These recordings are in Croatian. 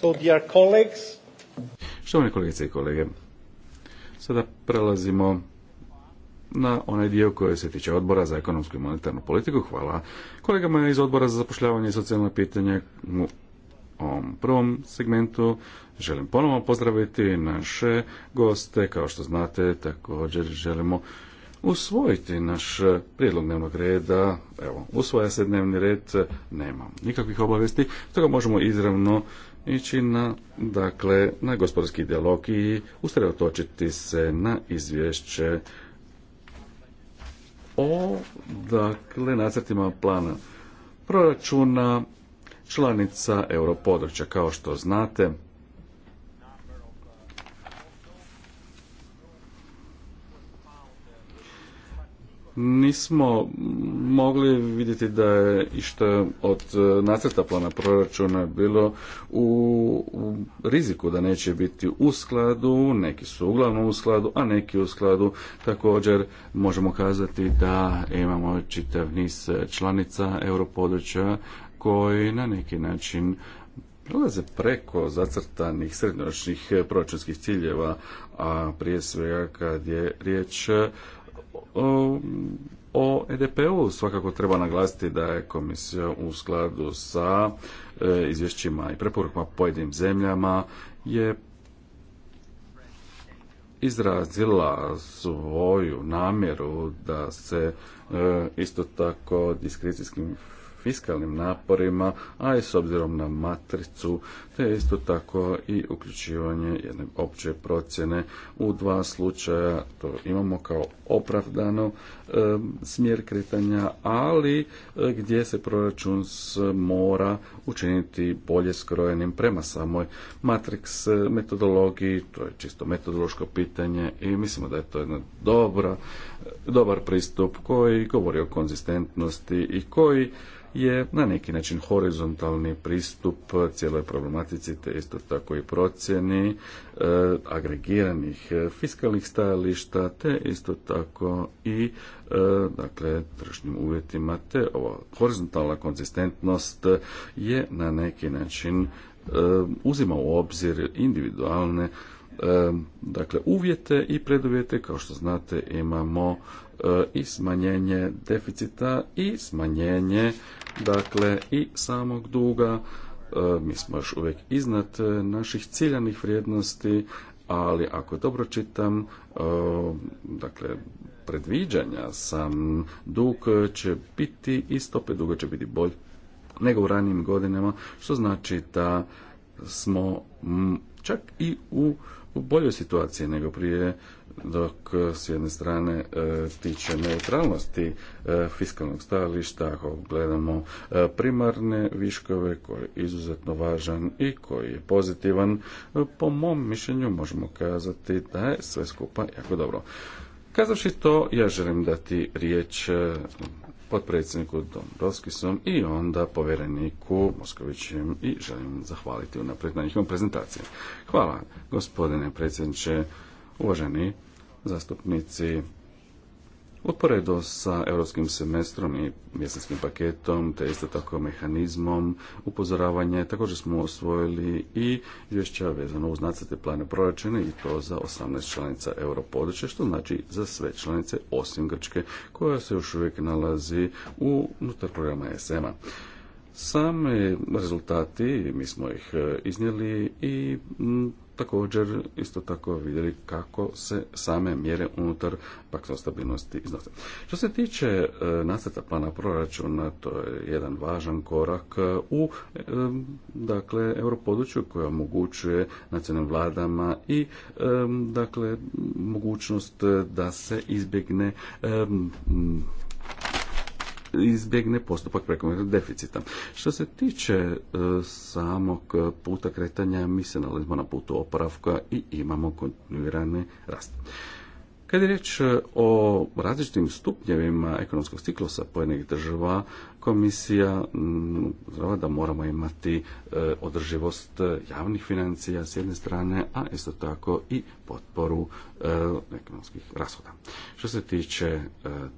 So, dear colleagues. Štovane kolegice i kolege, sada prelazimo na onaj dio koji se tiče odbora za ekonomsku i monetarnu politiku. Hvala kolegama iz odbora za zapošljavanje i socijalne pitanje u ovom prvom segmentu. Želim ponovno pozdraviti naše goste. Kao što znate, također želimo usvojiti naš prijedlog dnevnog reda. Evo, usvoja se dnevni red, nema nikakvih obavesti, toga možemo izravno ići na, dakle, na gospodarski dijalog i usredotočiti se na izvješće o dakle, nacrtima plana proračuna članica europodručja. Kao što znate, nismo mogli vidjeti da je išta od e, nacrta plana proračuna bilo u, riziku da neće biti u skladu, neki su uglavnom u skladu, a neki u skladu. Također možemo kazati da imamo čitav niz e, članica europodručja koji na neki način prelaze preko zacrtanih srednjoročnih e, proračunskih ciljeva, a prije svega kad je riječ o EDP-u svakako treba naglasiti da je komisija u skladu sa e, izvješćima i preporukama pojedinim zemljama je izrazila svoju namjeru da se e, isto tako diskrecijskim fiskalnim naporima, a i s obzirom na matricu, te isto tako i uključivanje jedne opće procjene. U dva slučaja to imamo kao opravdano smjer kretanja, ali e, gdje se proračun mora učiniti bolje skrojenim prema samoj matriks e, metodologiji, to je čisto metodološko pitanje i mislimo da je to jedna dobra, dobar pristup koji govori o konzistentnosti i koji je na neki način horizontalni pristup cijeloj problematici, te isto tako i procjeni e, agregiranih e, fiskalnih stajališta, te isto tako i e, dakle tržišnim uvjetima, te ova horizontalna konzistentnost je na neki način uzima u obzir individualne dakle uvjete i preduvjete kao što znate imamo e, i smanjenje deficita i smanjenje dakle i samog duga e, mi smo još uvijek iznad e, naših ciljanih vrijednosti ali ako dobro čitam dakle predviđanja sam dug će biti i stope duga će biti bolj nego u ranijim godinama što znači da smo čak i u u boljoj situaciji nego prije dok s jedne strane e, tiče neutralnosti e, fiskalnog stajališta, ako gledamo e, primarne viškove koji je izuzetno važan i koji je pozitivan, po mom mišljenju možemo kazati da je sve skupa jako dobro. Kazavši to, ja želim dati riječ potpredsjedniku Dombrovskisom i onda povjereniku Moskovićem i želim zahvaliti unaprijed na njihovom prezentaciji. Hvala gospodine predsjedniče, uvaženi zastupnici uporedo sa europskim semestrom i mjesečnim paketom, te isto tako mehanizmom upozoravanja, također smo osvojili i izvješća vezano uz nacrte plane i to za 18 članica europodručja, što znači za sve članice osim Grčke, koja se još uvijek nalazi unutar programa SM-a. Same rezultati, mi smo ih e, iznijeli i također isto tako vidjeli kako se same mjere unutar pakta o stabilnosti iznose. Što se tiče e, nacrta plana proračuna, to je jedan važan korak u e, dakle europodručju koje omogućuje nacionalnim vladama i e, dakle mogućnost da se izbjegne izbjegne postupak prekomjernog deficita. Što se tiče e, samog puta kretanja, mi se nalazimo na putu oporavka i imamo kontinuirani rast. Kad je riječ e, o različitim stupnjevima ekonomskog ciklusa pojedinih država, komisija mm, da moramo imati e, održivost e, javnih financija s jedne strane, a isto tako i potporu e, ekonomskih rashoda. Što se tiče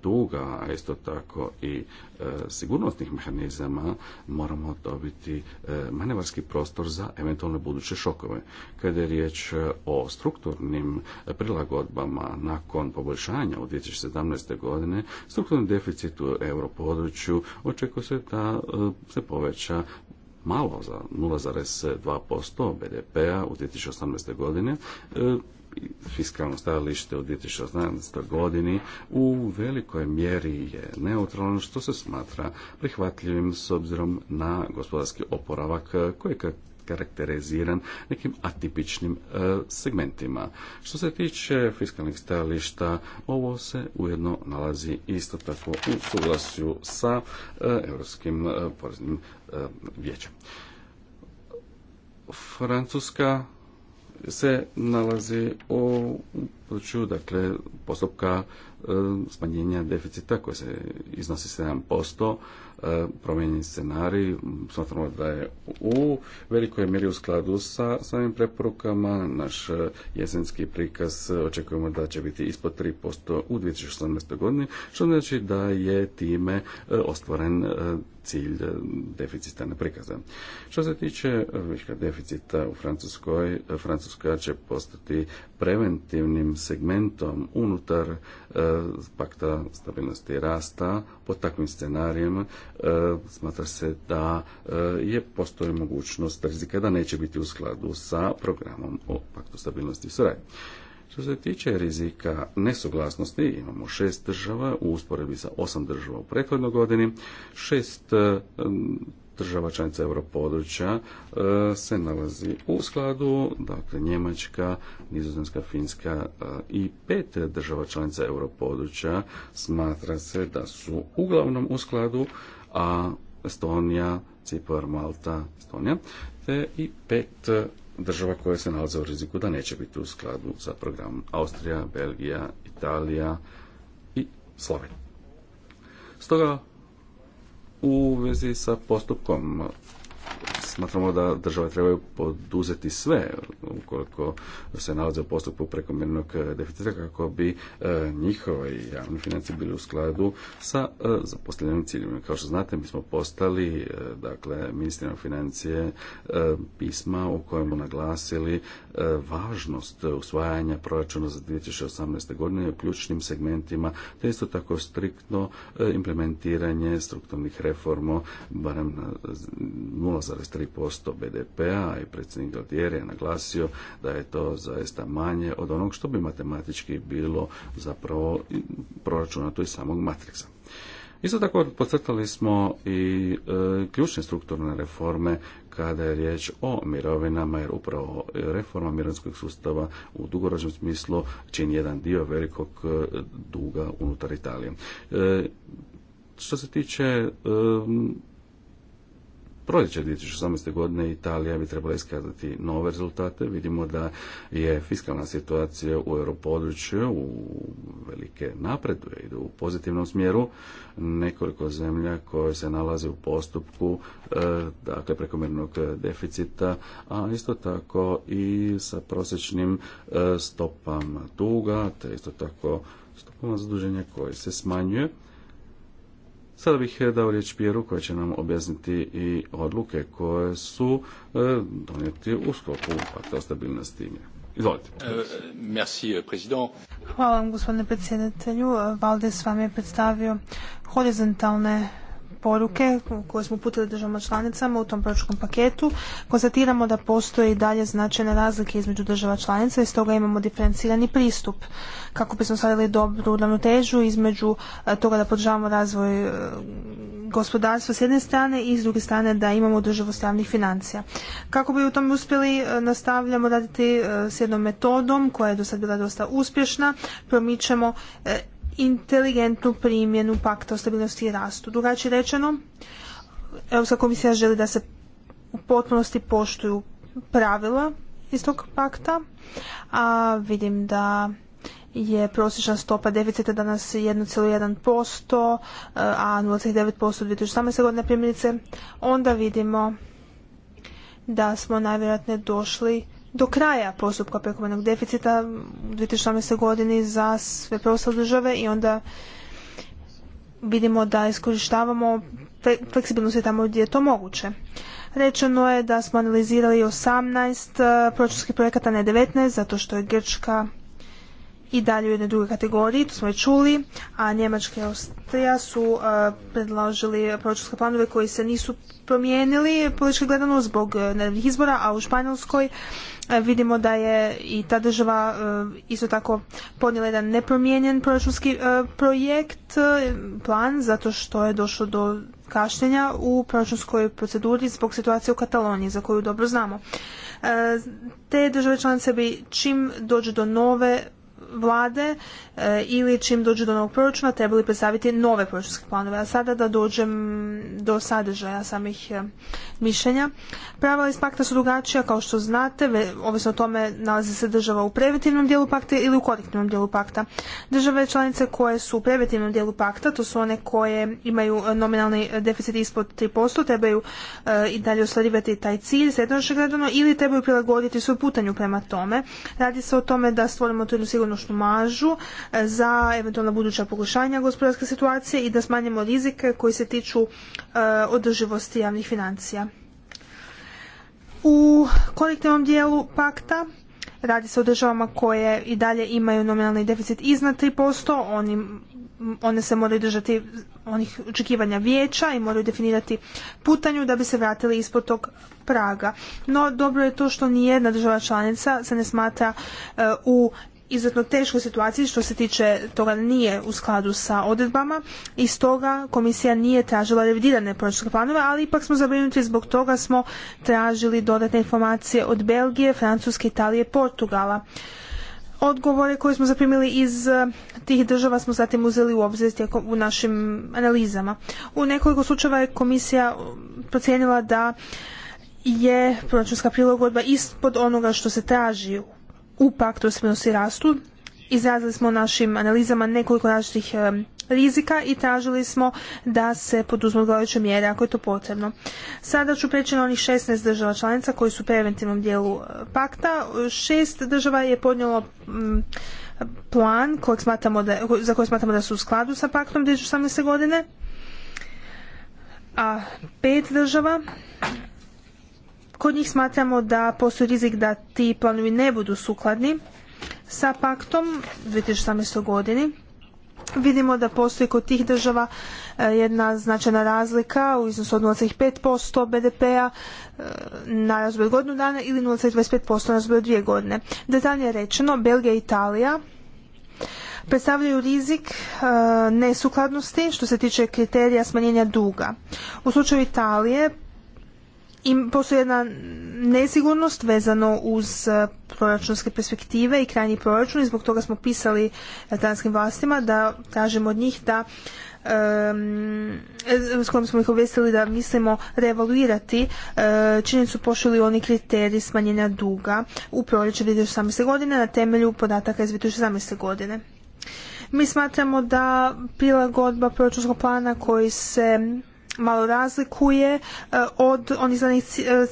duga, a isto tako i sigurnostnih mehanizama, moramo dobiti manevarski prostor za eventualne buduće šokove. Kada je riječ o strukturnim prilagodbama nakon poboljšanja u 2017. godine, strukturni deficit u europodručju očekuje se da e, se poveća malo za 0,2% BDP-a u 2018. godine, e, fiskalno stajalište u 2018. godini u velikoj mjeri je neutralno što se smatra prihvatljivim s obzirom na gospodarski oporavak koji karakteriziran nekim atipičnim e, segmentima. Što se tiče fiskalnih stajališta, ovo se ujedno nalazi isto tako u suglasju sa e, Europskim e, poreznim vijećem. Francuska se nalazi u području dakle, postupka smanjenja deficita koji se iznosi posto E, promijenjen scenarij. Smatramo da je u velikoj mjeri u skladu sa samim preporukama. Naš e, jesenski prikaz e, očekujemo da će biti ispod 3% u 2018. godini, što znači da je time ostvoren cilj eh, deficita ne prikaza. Što se tiče viška deficita u Francuskoj, eh, Francuska će postati preventivnim segmentom unutar eh, pakta stabilnosti i rasta. Pod takvim scenarijem smatra se da je postoji mogućnost rizika da neće biti u skladu sa programom o paktu stabilnosti i što se tiče rizika nesuglasnosti, imamo šest država u usporedbi sa osam država u prethodnoj godini, šest e, država članica europodručja e, se nalazi u skladu, dakle Njemačka, Nizozemska, Finska e, i pet država članica europodručja smatra se da su uglavnom u skladu, a Estonija, Cipar, Malta, Estonija, te i pet država koje se nalaze u riziku da neće biti u skladu sa programom Austrija, Belgija, Italija i Slovenija. Stoga u vezi sa postupkom smatramo da države trebaju poduzeti sve ukoliko se nalaze u postupku prekomjernog deficita kako bi e, njihove javne financije bili u skladu sa e, zaposlenim ciljevima. Kao što znate, mi smo postali e, dakle, ministrima financije pisma u kojemu naglasili važnost usvajanja proračuna za 2018. godine u ključnim segmentima, te isto tako striktno implementiranje strukturnih reforma, barem 0,3 posto BDP-a i predsjednik Galtieri je naglasio da je to zaista manje od onog što bi matematički bilo zapravo proračunato i samog matriksa. Isto tako podcrtali smo i e, ključne strukturne reforme kada je riječ o mirovinama, jer upravo reforma mirovinskog sustava u dugoročnom smislu čini jedan dio velikog e, duga unutar Italije. E, što se tiče e, tisuće 2018. godine Italija bi trebala iskazati nove rezultate. Vidimo da je fiskalna situacija u europodručju u velike napreduje, ide u pozitivnom smjeru. Nekoliko zemlja koje se nalaze u postupku e, dakle prekomjernog deficita, a isto tako i sa prosječnim e, stopama duga, te isto tako stopama zaduženja koje se smanjuje Sada bih eh, dao riječ Pjeru koja će nam objasniti i odluke koje su eh, donijeti u sklopu pakta o stabilnosti. Izvolite. Eh, Hvala vam gospodine predsjedatelju. Valdes vam je predstavio horizontalne poruke koje smo uputili državama članicama u tom proračunskom paketu konstatiramo da postoje i dalje značajne razlike između država članica i stoga imamo diferencirani pristup kako bismo stavili dobru ravnotežu između e, toga da podržavamo razvoj e, gospodarstva s jedne strane i s druge strane da imamo održivost javnih financija. Kako bi u tom uspjeli e, nastavljamo raditi s jednom metodom koja je do sad bila dosta uspješna, promičemo inteligentnu primjenu pakta o stabilnosti i rastu. Drugačije rečeno, Europska komisija želi da se u potpunosti poštuju pravila iz tog pakta, a vidim da je prosječna stopa deficita danas 1,1%, a 0,9% 2018. godine primjerice, onda vidimo da smo najvjerojatnije došli do kraja postupka prekomjernog deficita u 2018. godini za sve preostale države i onda vidimo da iskorištavamo fleksibilnost je tamo gdje je to moguće. Rečeno je da smo analizirali 18 e, proračunskih projekata, ne 19, zato što je Grčka i dalje u jednoj drugoj kategoriji, to smo i čuli, a Njemačka i Austrija su e, predložili proračunske planove koji se nisu promijenili politički gledano zbog e, nervnih izbora, a u Španjolskoj E, vidimo da je i ta država e, isto tako podnijela jedan nepromijenjen proračunski e, projekt, plan, zato što je došlo do kašnjenja u proračunskoj proceduri zbog situacije u Kataloniji, za koju dobro znamo. Te države članice bi čim dođe do nove vlade Eh, ili čim dođu do novog proračuna trebali predstaviti nove proračunske planove. A sada da dođem do sadržaja samih eh, mišljenja. Pravila iz pakta su drugačija, kao što znate, ovisno o tome nalazi se država u preventivnom dijelu pakta ili u korektivnom dijelu pakta. Države članice koje su u preventivnom dijelu pakta, to su one koje imaju eh, nominalni deficit ispod 3%, trebaju i dalje ostvarivati taj cilj srednjoročno gledano ili trebaju prilagoditi svoj putanju prema tome. Radi se o tome da stvorimo tu jednu sigurnošnu mažu, za eventualna buduća pogušanja gospodarske situacije i da smanjimo rizike koji se tiču e, održivosti javnih financija. U kolektivnom dijelu pakta radi se o državama koje i dalje imaju nominalni deficit iznad 3%, oni, one se moraju držati onih očekivanja vijeća i moraju definirati putanju da bi se vratili ispod tog praga. No dobro je to što nijedna država članica se ne smatra e, u izuzetno teškoj situaciji što se tiče toga nije u skladu sa odredbama i stoga komisija nije tražila revidirane proračunske planove, ali ipak smo zabrinuti zbog toga smo tražili dodatne informacije od Belgije, Francuske, Italije, Portugala. Odgovore koje smo zaprimili iz eh, tih država smo zatim uzeli u obzir tijekom u našim analizama. U nekoliko slučajeva je komisija eh, procijenila da je proračunska prilagodba ispod onoga što se traži u paktu smjernosti rastu. Izrazili smo našim analizama nekoliko različitih e, rizika i tražili smo da se poduzmu odgovarajuće mjere ako je to potrebno. Sada ću preći na onih 16 država članica koji su u preventivnom dijelu e, pakta. Šest država je podnijelo plan za koji smatramo da su u skladu sa paktom 2018. godine, a pet država Kod njih smatramo da postoji rizik da ti planovi ne budu sukladni sa paktom 2018. godini. Vidimo da postoji kod tih država e, jedna značajna razlika u iznosu od 0,5% BDP-a e, na razvoj godinu dana ili 0,25% na razvoj dvije godine. Detaljnije rečeno, Belgija i Italija predstavljaju rizik e, nesukladnosti što se tiče kriterija smanjenja duga. U slučaju Italije im postoji jedna nesigurnost vezano uz uh, proračunske perspektive i krajnji proračun i zbog toga smo pisali uh, danskim vlastima da tražimo od njih da um, s kojom smo ih uvestili, da mislimo revaluirati uh, činjenicu pošli oni kriteriji smanjenja duga u proljeće 2018. godine na temelju podataka iz 2018. godine. Mi smatramo da prilagodba proračunskog plana koji se malo razlikuje e, od onih zadanih e,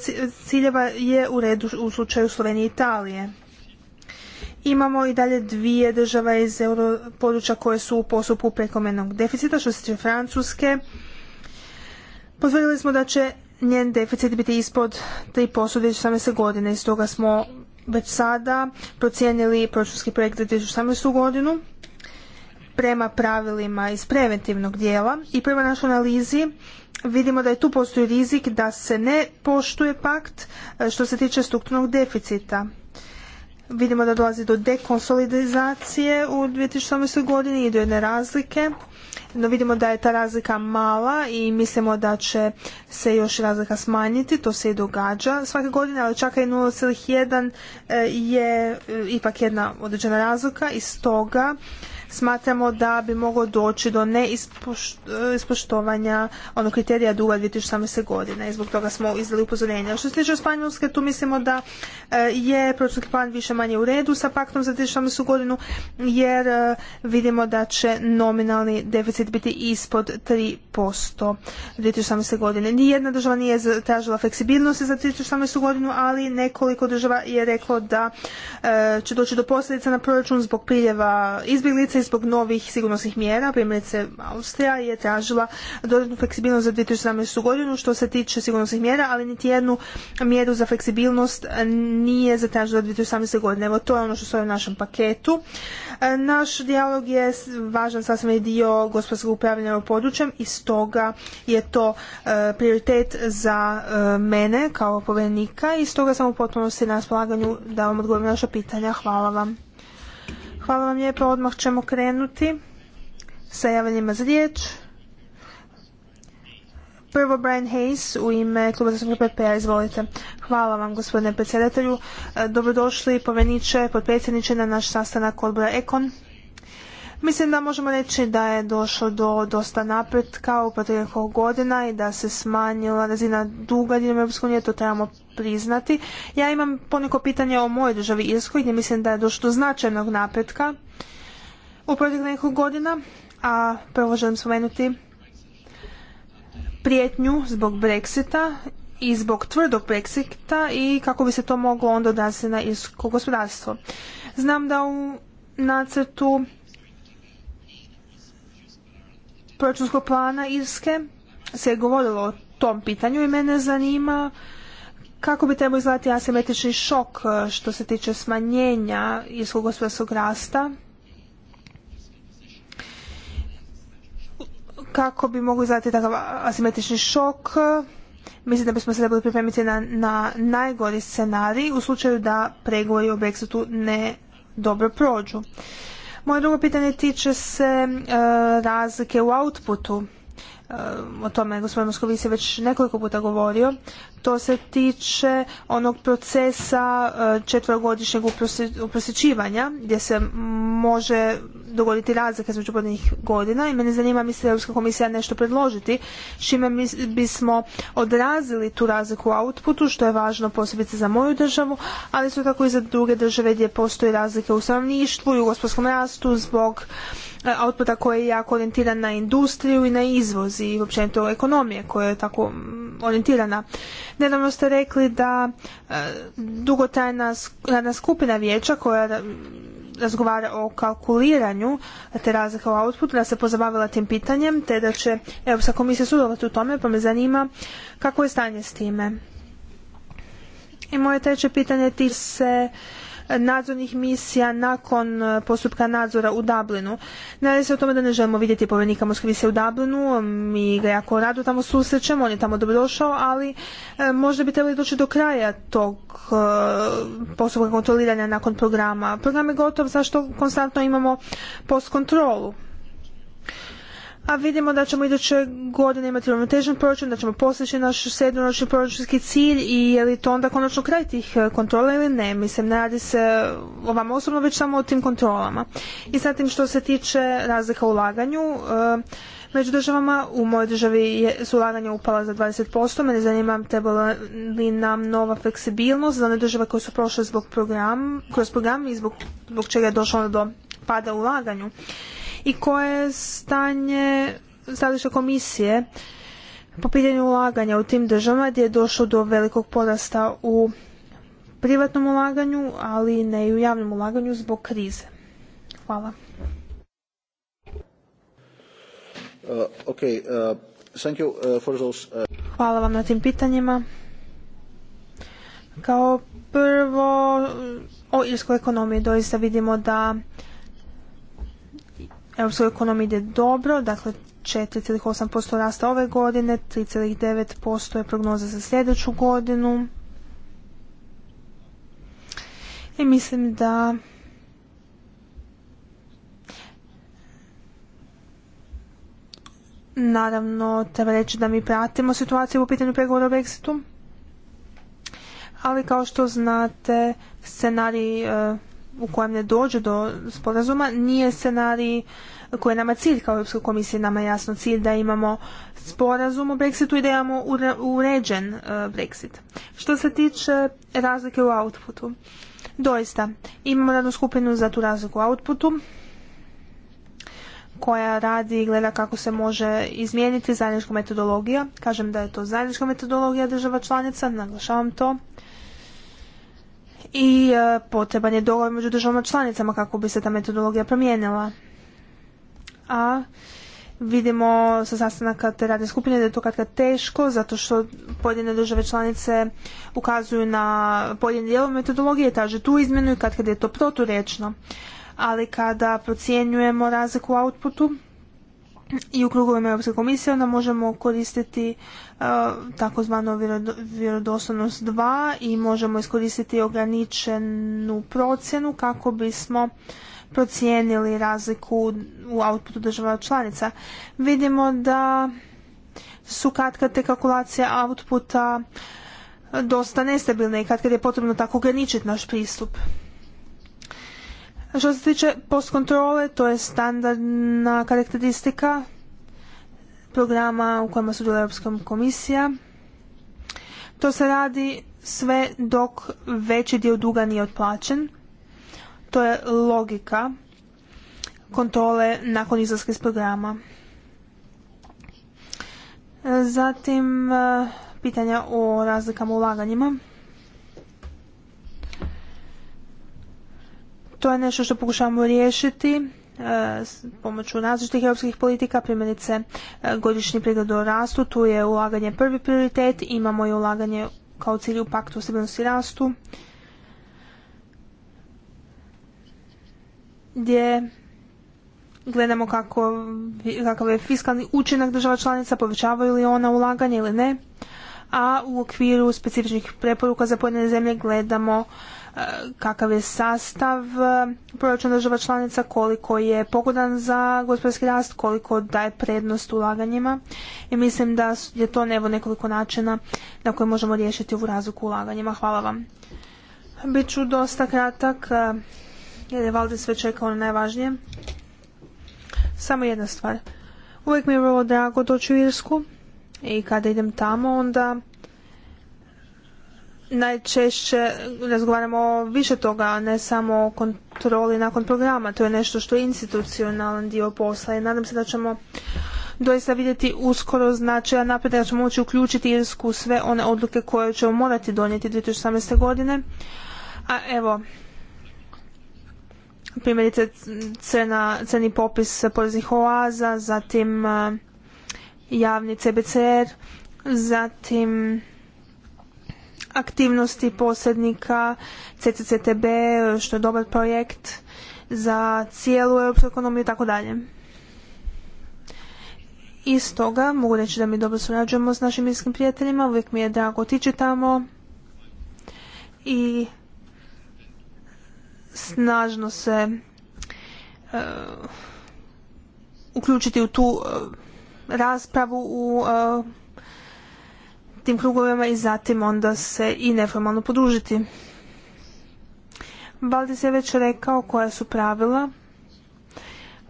ciljeva je u redu u slučaju Slovenije i Italije. Imamo i dalje dvije države iz euro područja koje su u postupku prekomenog deficita, što se tiče Francuske. Potvrdili smo da će njen deficit biti ispod 3% 2018. godine i stoga smo već sada procijenili proračunski projekt za 2018. godinu prema pravilima iz preventivnog dijela i prema našoj analizi vidimo da je tu postoji rizik da se ne poštuje pakt e, što se tiče strukturnog deficita. Vidimo da dolazi do dekonsolidizacije u 2018. godini i do jedne razlike. No vidimo da je ta razlika mala i mislimo da će se još razlika smanjiti, to se i događa svake godine, ali čak i 0,1 e, je e, ipak jedna određena razlika i stoga smatramo da bi moglo doći do neispoštovanja onog kriterija duga 2018. godine i zbog toga smo izdali upozorenja. Što se tiče Španjolske, tu mislimo da e, je proračunski plan više manje u redu sa paktom za 2018. godinu jer e, vidimo da će nominalni deficit biti ispod 3% 2018. godine. Nijedna država nije tražila fleksibilnosti za 2018. godinu, ali nekoliko država je reklo da e, će doći do posljedica na proračun zbog priljeva izbjeglica zbog novih sigurnosnih mjera, primjerice Austrija je tražila dodatnu fleksibilnost za 2017. godinu što se tiče sigurnosnih mjera, ali niti jednu mjeru za fleksibilnost nije zatražila 2018. godine. Evo to je ono što stoje u našem paketu. E, naš dijalog je važan sasvim dio gospodarskog upravljanja u područjem i stoga je to e, prioritet za e, mene kao povjerenika i stoga sam u potpunosti na raspolaganju da vam odgovorim na naša pitanja. Hvala vam. Hvala vam lijepo, odmah ćemo krenuti sa javljima za riječ. Prvo Brian Hayes u ime kluba zastupnika PPA, izvolite. Hvala vam gospodine predsjedatelju. E, dobrodošli poveniče, potpredsjedniče na naš sastanak odbora Ekon. Mislim da možemo reći da je došlo do dosta napretka u proteklih godina i da se smanjila razina duga diljem Europske unije, to trebamo priznati. Ja imam poneko pitanje o mojoj državi Irskoj gdje mislim da je došlo do značajnog napretka u proteklih godina, a prvo želim spomenuti prijetnju zbog Brexita i zbog tvrdog Brexita i kako bi se to moglo onda odraziti na irsko gospodarstvo. Znam da u nacrtu proračunskog plana Irske se je govorilo o tom pitanju i mene zanima kako bi trebao izgledati asimetrični šok e, što se tiče smanjenja irskog gospodarskog rasta kako bi mogli izgledati takav asimetrični šok mislim da bismo se trebali pripremiti na, na najgori scenarij u slučaju da pregovori o Brexitu ne dobro prođu. Moje drugo pitanje tiče se e, razlike u outputu o tome je gospodin Moskovic već nekoliko puta govorio, to se tiče onog procesa e, četvrogodišnjeg uprosjećivanja gdje se može dogoditi razlika između podnijih godina i mene zanima misli se Europska komisija nešto predložiti čime bismo odrazili tu razliku u outputu što je važno posebice za moju državu ali su tako i za druge države gdje postoji razlike u stanovništvu i u gospodskom rastu zbog E, outputa koji je jako orijentiran na industriju i na izvoz i općenito ekonomije koja je tako mm, orijentirana. Nedavno ste rekli da e, dugotrajna radna skupina vijeća koja razgovara o kalkuliranju te razlika u outputu, da se pozabavila tim pitanjem, te da će Europska komisija sudovati u tome, pa me zanima kako je stanje s time. I moje treće pitanje ti se nadzornih misija nakon e, postupka nadzora u Dublinu. Ne se o tome da ne želimo vidjeti povjerenika Moskvise u Dublinu, mi ga jako rado tamo susrećemo, on je tamo dobrodošao, ali e, možda bi trebali doći do kraja tog e, postupka kontroliranja nakon programa. Program je gotov, zašto konstantno imamo post kontrolu? a vidimo da ćemo iduće godine imati uravnotežen proračun, da ćemo postići naš sedmoročni proračunski cilj i je li to onda konačno kraj tih e, kontrola ili ne. Mislim, ne radi se o vama osobno, već samo o tim kontrolama. I tim što se tiče razlika u ulaganju, e, među državama u mojoj državi je, su ulaganja upala za 20%. Mene zanima trebala li nam nova fleksibilnost za one države koje su prošle zbog program, kroz program i zbog, zbog čega je došlo do pada ulaganju i koje je stanje stajališta komisije po pitanju ulaganja u tim državama gdje je došlo do velikog porasta u privatnom ulaganju, ali ne i u javnom ulaganju zbog krize. Hvala. Uh, uh, uh, Hvala vam na tim pitanjima. Kao prvo o irskoj ekonomiji doista vidimo da europskoj ekonomiji ide dobro, dakle 4,8% rasta ove godine, 3,9% je prognoza za sljedeću godinu. I mislim da naravno treba reći da mi pratimo situaciju u pitanju pregovora o Brexitu. Ali kao što znate, scenarij e, u kojem ne dođe do sporazuma nije scenarij koji je nama cilj kao Europskoj komisiji, nama jasno cilj da imamo sporazum o Brexitu i da imamo uređen e, Brexit. Što se tiče razlike u outputu, doista imamo radnu skupinu za tu razliku u outputu koja radi i gleda kako se može izmijeniti zajednička metodologija. Kažem da je to zajednička metodologija država članica, naglašavam to i e, potreban je dogovor među državama članicama kako bi se ta metodologija promijenila. A vidimo sa sastanaka te radne skupine da je to katkad teško zato što pojedine države članice ukazuju na pojedine dijelove metodologije, traže tu izmjenu i katkad je to proturečno. Ali kada procjenjujemo razliku u outputu, i u krugovima Europske komisije, onda možemo koristiti uh, vjerodostojnost 2 i možemo iskoristiti ograničenu procjenu kako bismo procijenili razliku u outputu država članica. Vidimo da su kad te kalkulacije outputa dosta nestabilne i kad, kad je potrebno tako ograničiti naš pristup. Što se tiče postkontrole, to je standardna karakteristika programa u kojima sudjeluje Europska komisija. To se radi sve dok veći dio duga nije otplaćen. To je logika kontrole nakon izlaska iz programa. Zatim eh, pitanja o razlikama u ulaganjima. To je nešto što pokušavamo riješiti e, s pomoću različitih europskih politika, primjerice e, godišnji pregled o rastu, tu je ulaganje prvi prioritet, imamo i ulaganje kao cilj u paktu o stabilnosti rastu, gdje gledamo kako, kakav je fiskalni učinak država članica, povećavaju li ona ulaganje ili ne, a u okviru specifičnih preporuka za pojedine zemlje gledamo kakav je sastav e, proračuna država članica, koliko je pogodan za gospodarski rast, koliko daje prednost ulaganjima i mislim da je to nevo nekoliko načina na koje možemo riješiti ovu razliku ulaganjima. Hvala vam. Biću dosta kratak e, jer je valjda sve čekao na ono najvažnije. Samo jedna stvar. Uvijek mi je bilo drago doći u Irsku i kada idem tamo onda najčešće razgovaramo o više toga, a ne samo o kontroli nakon programa. To je nešto što je institucionalan dio posla i nadam se da ćemo doista vidjeti uskoro značajan napredak da ćemo moći uključiti Irsku sve one odluke koje ćemo morati donijeti 2018. godine. A evo, primjerice cena, ceni popis poreznih oaza, zatim eh, javni CBCR, zatim aktivnosti posrednika CCCTB, što je dobar projekt za cijelu europsku ekonomiju i tako dalje. I stoga mogu reći da mi dobro surađujemo s našim iskim prijateljima, uvijek mi je drago otići tamo i snažno se e, uključiti u tu e, raspravu u e, tim krugovima i zatim onda se i neformalno podružiti. Baldis je već rekao koja su pravila.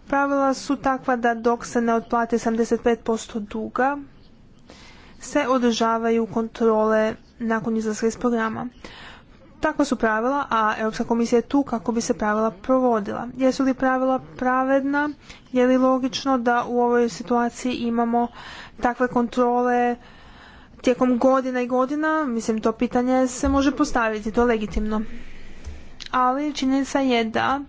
Pravila su takva da dok se ne otplati 75% duga, se održavaju kontrole nakon izlaska iz programa. Takva su pravila, a Europska komisija je tu kako bi se pravila provodila. Jesu li pravila pravedna? Je li logično da u ovoj situaciji imamo takve kontrole tijekom godina i godina, mislim to pitanje se može postaviti, to je legitimno. Ali činjenica je da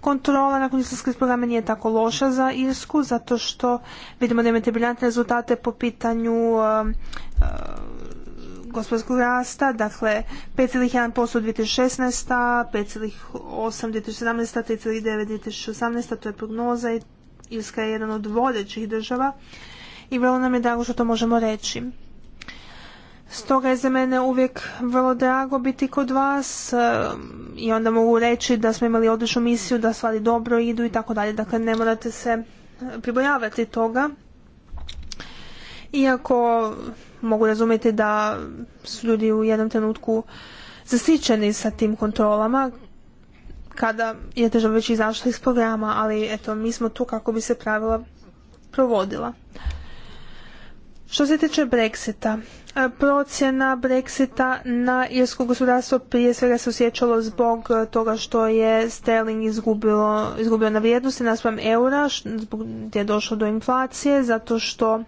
kontrola nakon islamske programa nije tako loša za Irsku, zato što vidimo da imate briljantne rezultate po pitanju um, uh, gospodarskog rasta, dakle 5,1% 2016, 5,8% 2017, 3,9% 2018, to je prognoza i Irska je jedan od vodećih država i vrlo nam je drago što to možemo reći. Stoga je za mene uvijek vrlo drago biti kod vas um, i onda mogu reći da smo imali odličnu misiju, da stvari dobro idu i tako dalje. Dakle, ne morate se uh, pribojavati toga. Iako mogu razumjeti da su ljudi u jednom trenutku zasićeni sa tim kontrolama kada je država već izašla iz programa, ali eto, mi smo tu kako bi se pravila provodila. Što se tiče Brexita, e, procjena Brexita na irsko gospodarstvo prije svega se osjećalo zbog e, toga što je sterling izgubilo, izgubio na vrijednosti naspram eura, gdje je došlo do inflacije, zato što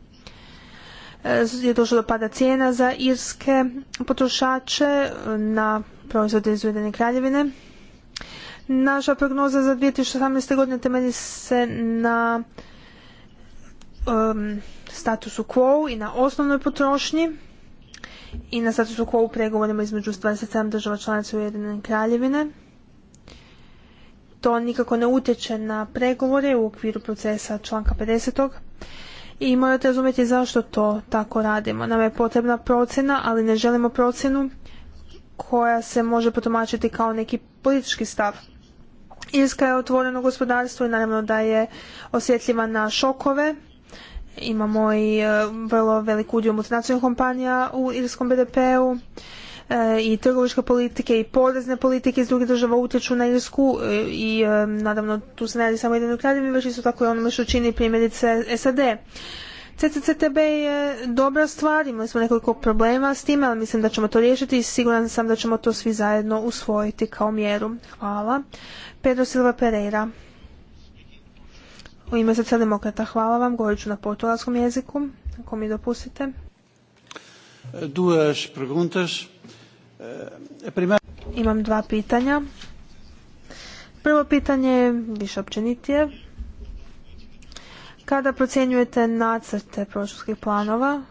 e, je došlo do pada cijena za irske potrošače na proizvode iz Ujedine kraljevine. Naša prognoza za 2018. godine temelji se na statusu quo i na osnovnoj potrošnji i na statusu quo u pregovorima između 27 država članica Ujedinjene kraljevine. To nikako ne utječe na pregovore u okviru procesa članka 50. I morate razumjeti zašto to tako radimo. Nam je potrebna procjena, ali ne želimo procjenu koja se može potomačiti kao neki politički stav. Irska je otvoreno gospodarstvo i naravno da je osjetljiva na šokove Imamo i e, vrlo veliku udio multinacionalnih kompanija u irskom BDP-u e, i trgoviške politike i porezne politike iz drugih država utječu na Irsku e, i naravno tu se ne radi samo jedinoj kraljevi, već isto tako i onome što čini primjerice SAD. CCCTB je dobra stvar, imali smo nekoliko problema s time, ali mislim da ćemo to riješiti i siguran sam da ćemo to svi zajedno usvojiti kao mjeru. Hvala. Pedro Silva Pereira. U ime socijaldemokrata hvala vam, govorit ću na portugalskom jeziku, ako mi dopustite. Duas perguntas. Eh, Imam dva pitanja. Prvo pitanje je više općenitije. Kada procjenjujete nacrte proračunskih planova,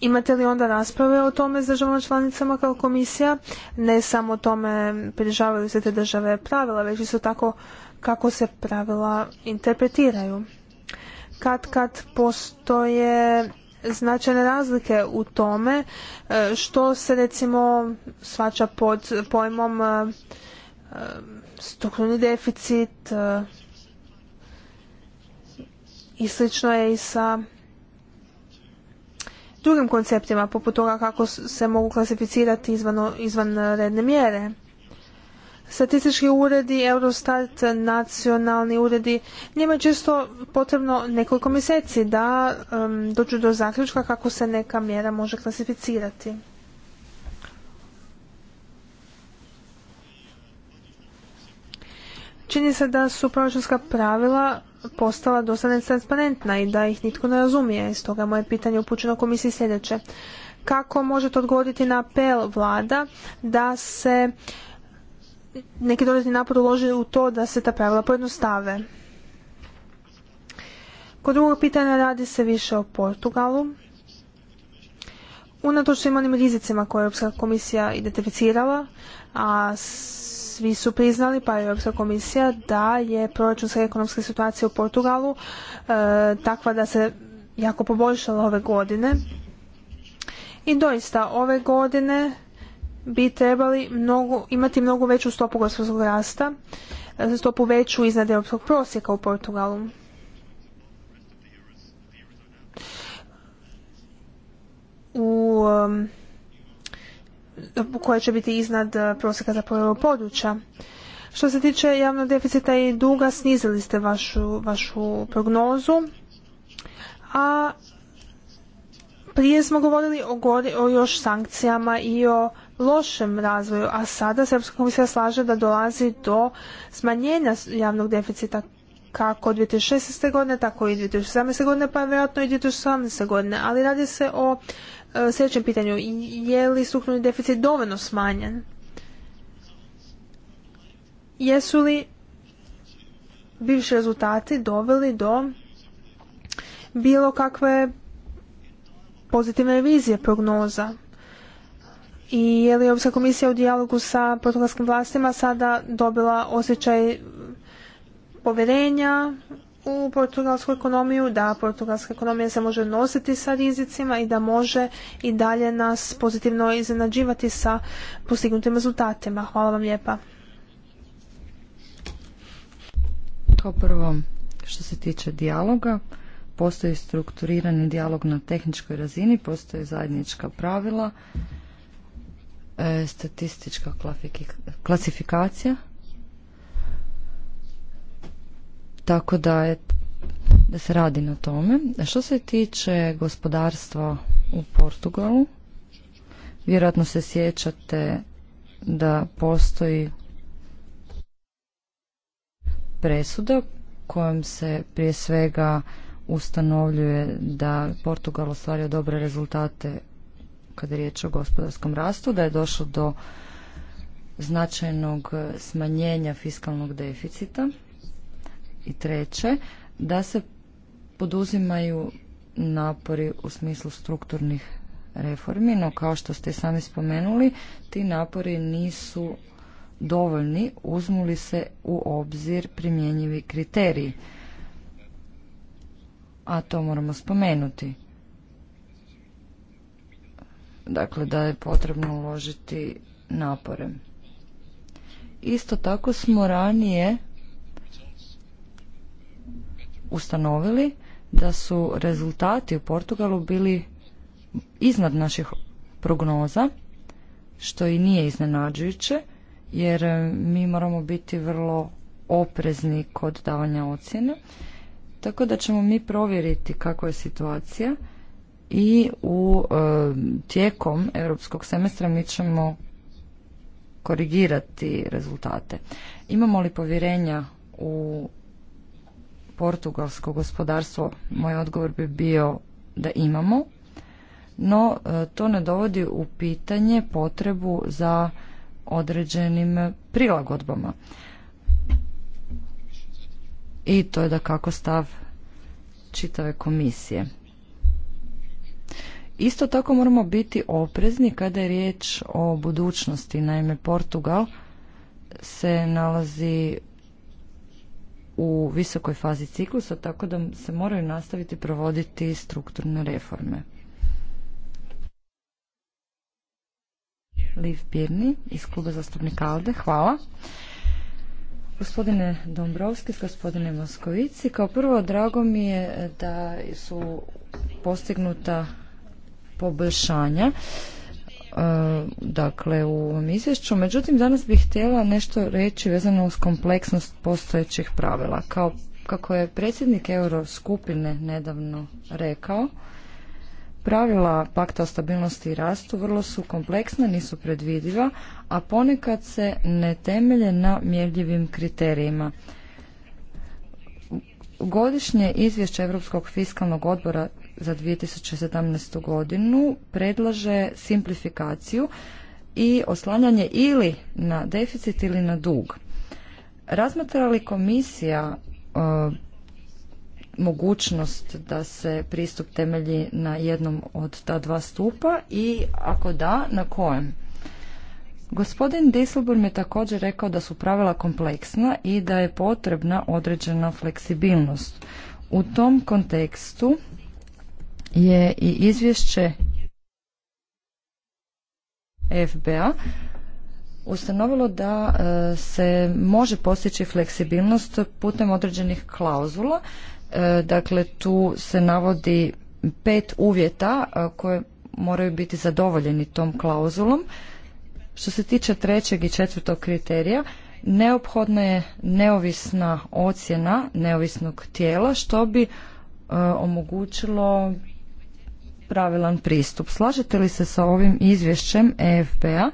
Imate li onda rasprave o tome s državama članicama kao komisija? Ne samo o tome pridržavaju se te države pravila, već isto tako kako se pravila interpretiraju. Kad kad postoje značajne razlike u tome e, što se recimo svača pod pojmom e, e, strukturni deficit i slično je i sa drugim konceptima, poput toga kako se mogu klasificirati izvan, e, redne mjere. Statistički uredi, eurostat nacionalni uredi, njima je često potrebno nekoliko mjeseci da dođu do zaključka kako se neka mjera može klasificirati. Čini se da su proračunska pravila postala dosta netransparentna i da ih nitko ne razumije. Stoga moje pitanje upućeno komisiji sljedeće. Kako možete odgovoriti na apel vlada da se neki dodatni napor uloži u to da se ta pravila pojednostave? Kod drugog pitanja radi se više o Portugalu. Unatoč svim onim rizicima koje je Europska komisija identificirala, a svi su priznali, pa je Europska komisija, da je proračunska ekonomska situacija u Portugalu e, takva da se jako poboljšala ove godine. I doista ove godine bi trebali imati mnogo veću stopu gospodarskog rasta, e, stopu veću iznad europskog prosjeka u Portugalu. U koje će biti iznad e, prosjeka za područja. Što se tiče javnog deficita i duga, snizili ste vašu, vašu prognozu, a prije smo govorili o, još sankcijama i o lošem razvoju, a sada se Europska komisija slaže da dolazi do smanjenja javnog deficita kako 2016. godine, tako i 2017. godine, pa vjerojatno i 2018. godine, ali radi se o E, sljedećem pitanju. Je li strukturni deficit dovoljno smanjen? Jesu li bivši rezultati doveli do bilo kakve pozitivne revizije prognoza? I je li Europska komisija u dijalogu sa portugalskim vlastima sada dobila osjećaj povjerenja u portugalsku ekonomiju, da portugalska ekonomija se može nositi sa rizicima i da može i dalje nas pozitivno iznenađivati sa postignutim rezultatima. Hvala vam lijepa. Kao prvo, što se tiče dijaloga, postoji strukturirani dijalog na tehničkoj razini, postoje zajednička pravila, e, statistička klasifikacija Tako da je da se radi na tome. Što se tiče gospodarstva u Portugalu, vjerojatno se sjećate da postoji presuda kojom se prije svega ustanovljuje da Portugal ostvario dobre rezultate kada je riječ o gospodarskom rastu, da je došlo do značajnog smanjenja fiskalnog deficita i treće, da se poduzimaju napori u smislu strukturnih reformi, no kao što ste sami spomenuli, ti napori nisu dovoljni uzmuli se u obzir primjenjivi kriteriji. A to moramo spomenuti. Dakle, da je potrebno uložiti napore. Isto tako smo ranije ustanovili da su rezultati u Portugalu bili iznad naših prognoza, što i nije iznenađujuće, jer e, mi moramo biti vrlo oprezni kod davanja ocjene. Tako da ćemo mi provjeriti kako je situacija i u e, tijekom europskog semestra mi ćemo korigirati rezultate. Imamo li povjerenja u portugalsko gospodarstvo, moj odgovor bi bio da imamo, no e, to ne dovodi u pitanje potrebu za određenim prilagodbama. I to je da kako stav čitave komisije. Isto tako moramo biti oprezni kada je riječ o budućnosti. Naime, Portugal se nalazi u visokoj fazi ciklusa, tako da se moraju nastaviti provoditi strukturne reforme. Liv Pirni iz kluba zastupnika Alde, hvala. Gospodine Dombrovski, gospodine Moskovici, kao prvo drago mi je da su postignuta poboljšanja. E, dakle u ovom izvješću. Međutim, danas bih htjela nešto reći vezano uz kompleksnost postojećih pravila. Kao kako je predsjednik Euroskupine nedavno rekao, pravila pakta o stabilnosti i rastu vrlo su kompleksna, nisu predvidiva, a ponekad se ne temelje na mjerljivim kriterijima. Godišnje izvješće Europskog fiskalnog odbora za 2017. godinu predlaže simplifikaciju i oslanjanje ili na deficit ili na dug. Razmatra li komisija e, mogućnost da se pristup temelji na jednom od ta dva stupa i ako da, na kojem? Gospodin Disselburn je također rekao da su pravila kompleksna i da je potrebna određena fleksibilnost. U tom kontekstu je i izvješće FBA ustanovilo da e, se može postići fleksibilnost putem određenih klauzula. E, dakle, tu se navodi pet uvjeta e, koje moraju biti zadovoljeni tom klauzulom. Što se tiče trećeg i četvrtog kriterija, neophodna je neovisna ocjena neovisnog tijela što bi omogućilo pravilan pristup. Slažete li se sa ovim izvješćem EFP-a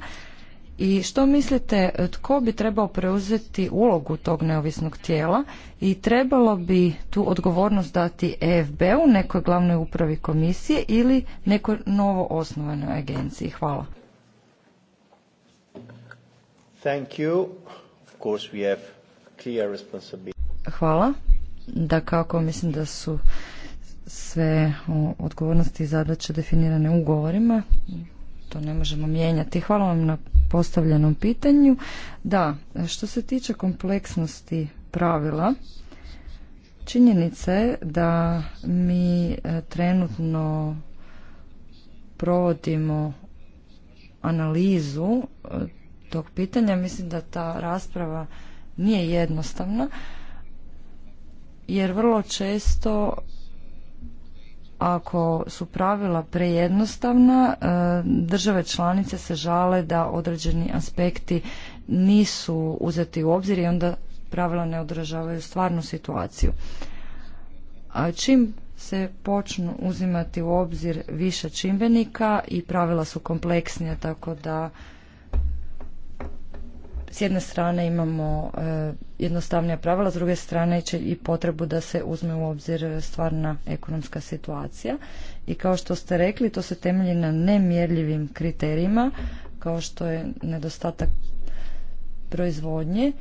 i što mislite tko bi trebao preuzeti ulogu tog neovisnog tijela i trebalo bi tu odgovornost dati EFB-u, nekoj glavnoj upravi komisije ili nekoj novo osnovanoj agenciji? Hvala. Thank you. Of course we have clear responsibility. Hvala. Da kako mislim da su sve odgovornosti i zadaće definirane ugovorima. To ne možemo mijenjati. Hvala vam na postavljenom pitanju. Da, što se tiče kompleksnosti pravila, činjenica je da mi e, trenutno provodimo analizu e, tog pitanja. Mislim da ta rasprava nije jednostavna jer vrlo često ako su pravila prejednostavna, e, države članice se žale da određeni aspekti nisu uzeti u obzir i onda pravila ne odražavaju stvarnu situaciju. A čim se počnu uzimati u obzir više čimbenika i pravila su kompleksnija tako da s jedne strane imamo e, jednostavnija pravila, s druge strane će i potrebu da se uzme u obzir stvarna ekonomska situacija. I kao što ste rekli, to se temelji na nemjerljivim kriterijima, kao što je nedostatak proizvodnje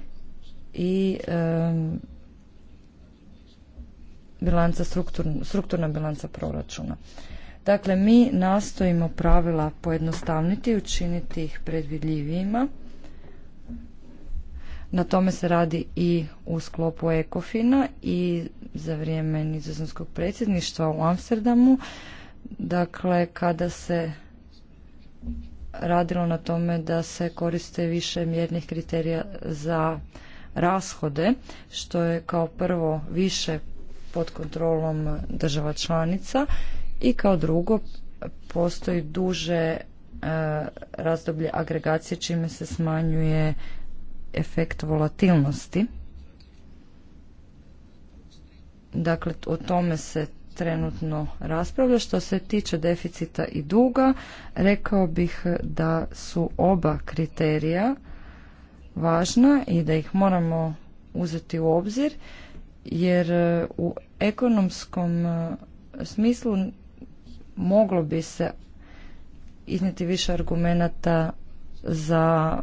i e, bilanca strukturna, strukturna bilanca proračuna. Dakle, mi nastojimo pravila pojednostavniti i učiniti ih predvidljivijima na tome se radi i u sklopu Ekofina i za vrijeme nizozemskog predsjedništva u Amsterdamu. Dakle, kada se radilo na tome da se koriste više mjernih kriterija za rashode, što je kao prvo više pod kontrolom država članica i kao drugo postoji duže e, razdoblje agregacije čime se smanjuje efekt volatilnosti. Dakle, o tome se trenutno raspravlja. Što se tiče deficita i duga, rekao bih da su oba kriterija važna i da ih moramo uzeti u obzir, jer u ekonomskom e, smislu moglo bi se iznijeti više argumenata za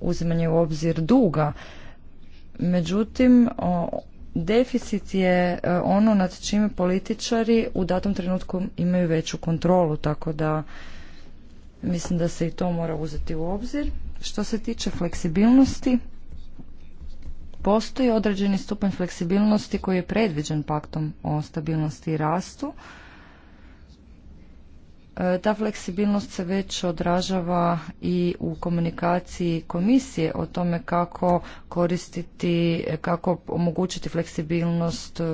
uzimanje u obzir duga. Međutim, deficit je e, ono nad čime političari u datom trenutku imaju veću kontrolu, tako da mislim da se i to mora uzeti u obzir. Što se tiče fleksibilnosti, postoji određeni stupanj fleksibilnosti koji je predviđen paktom o stabilnosti i rastu E, ta fleksibilnost se već odražava i u komunikaciji komisije o tome kako koristiti, kako omogućiti fleksibilnost e,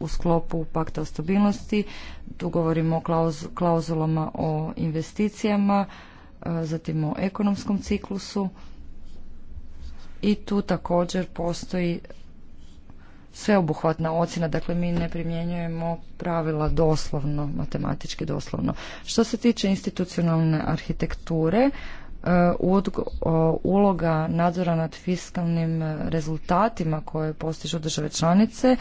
u sklopu pakta o stabilnosti. Tu govorimo o klauzulama o investicijama, e, zatim o ekonomskom ciklusu i tu također postoji sveobuhvatna ocjena, dakle mi ne primjenjujemo pravila doslovno, matematički doslovno. Što se tiče institucionalne arhitekture, e, uloga nadzora nad fiskalnim rezultatima koje postižu države članice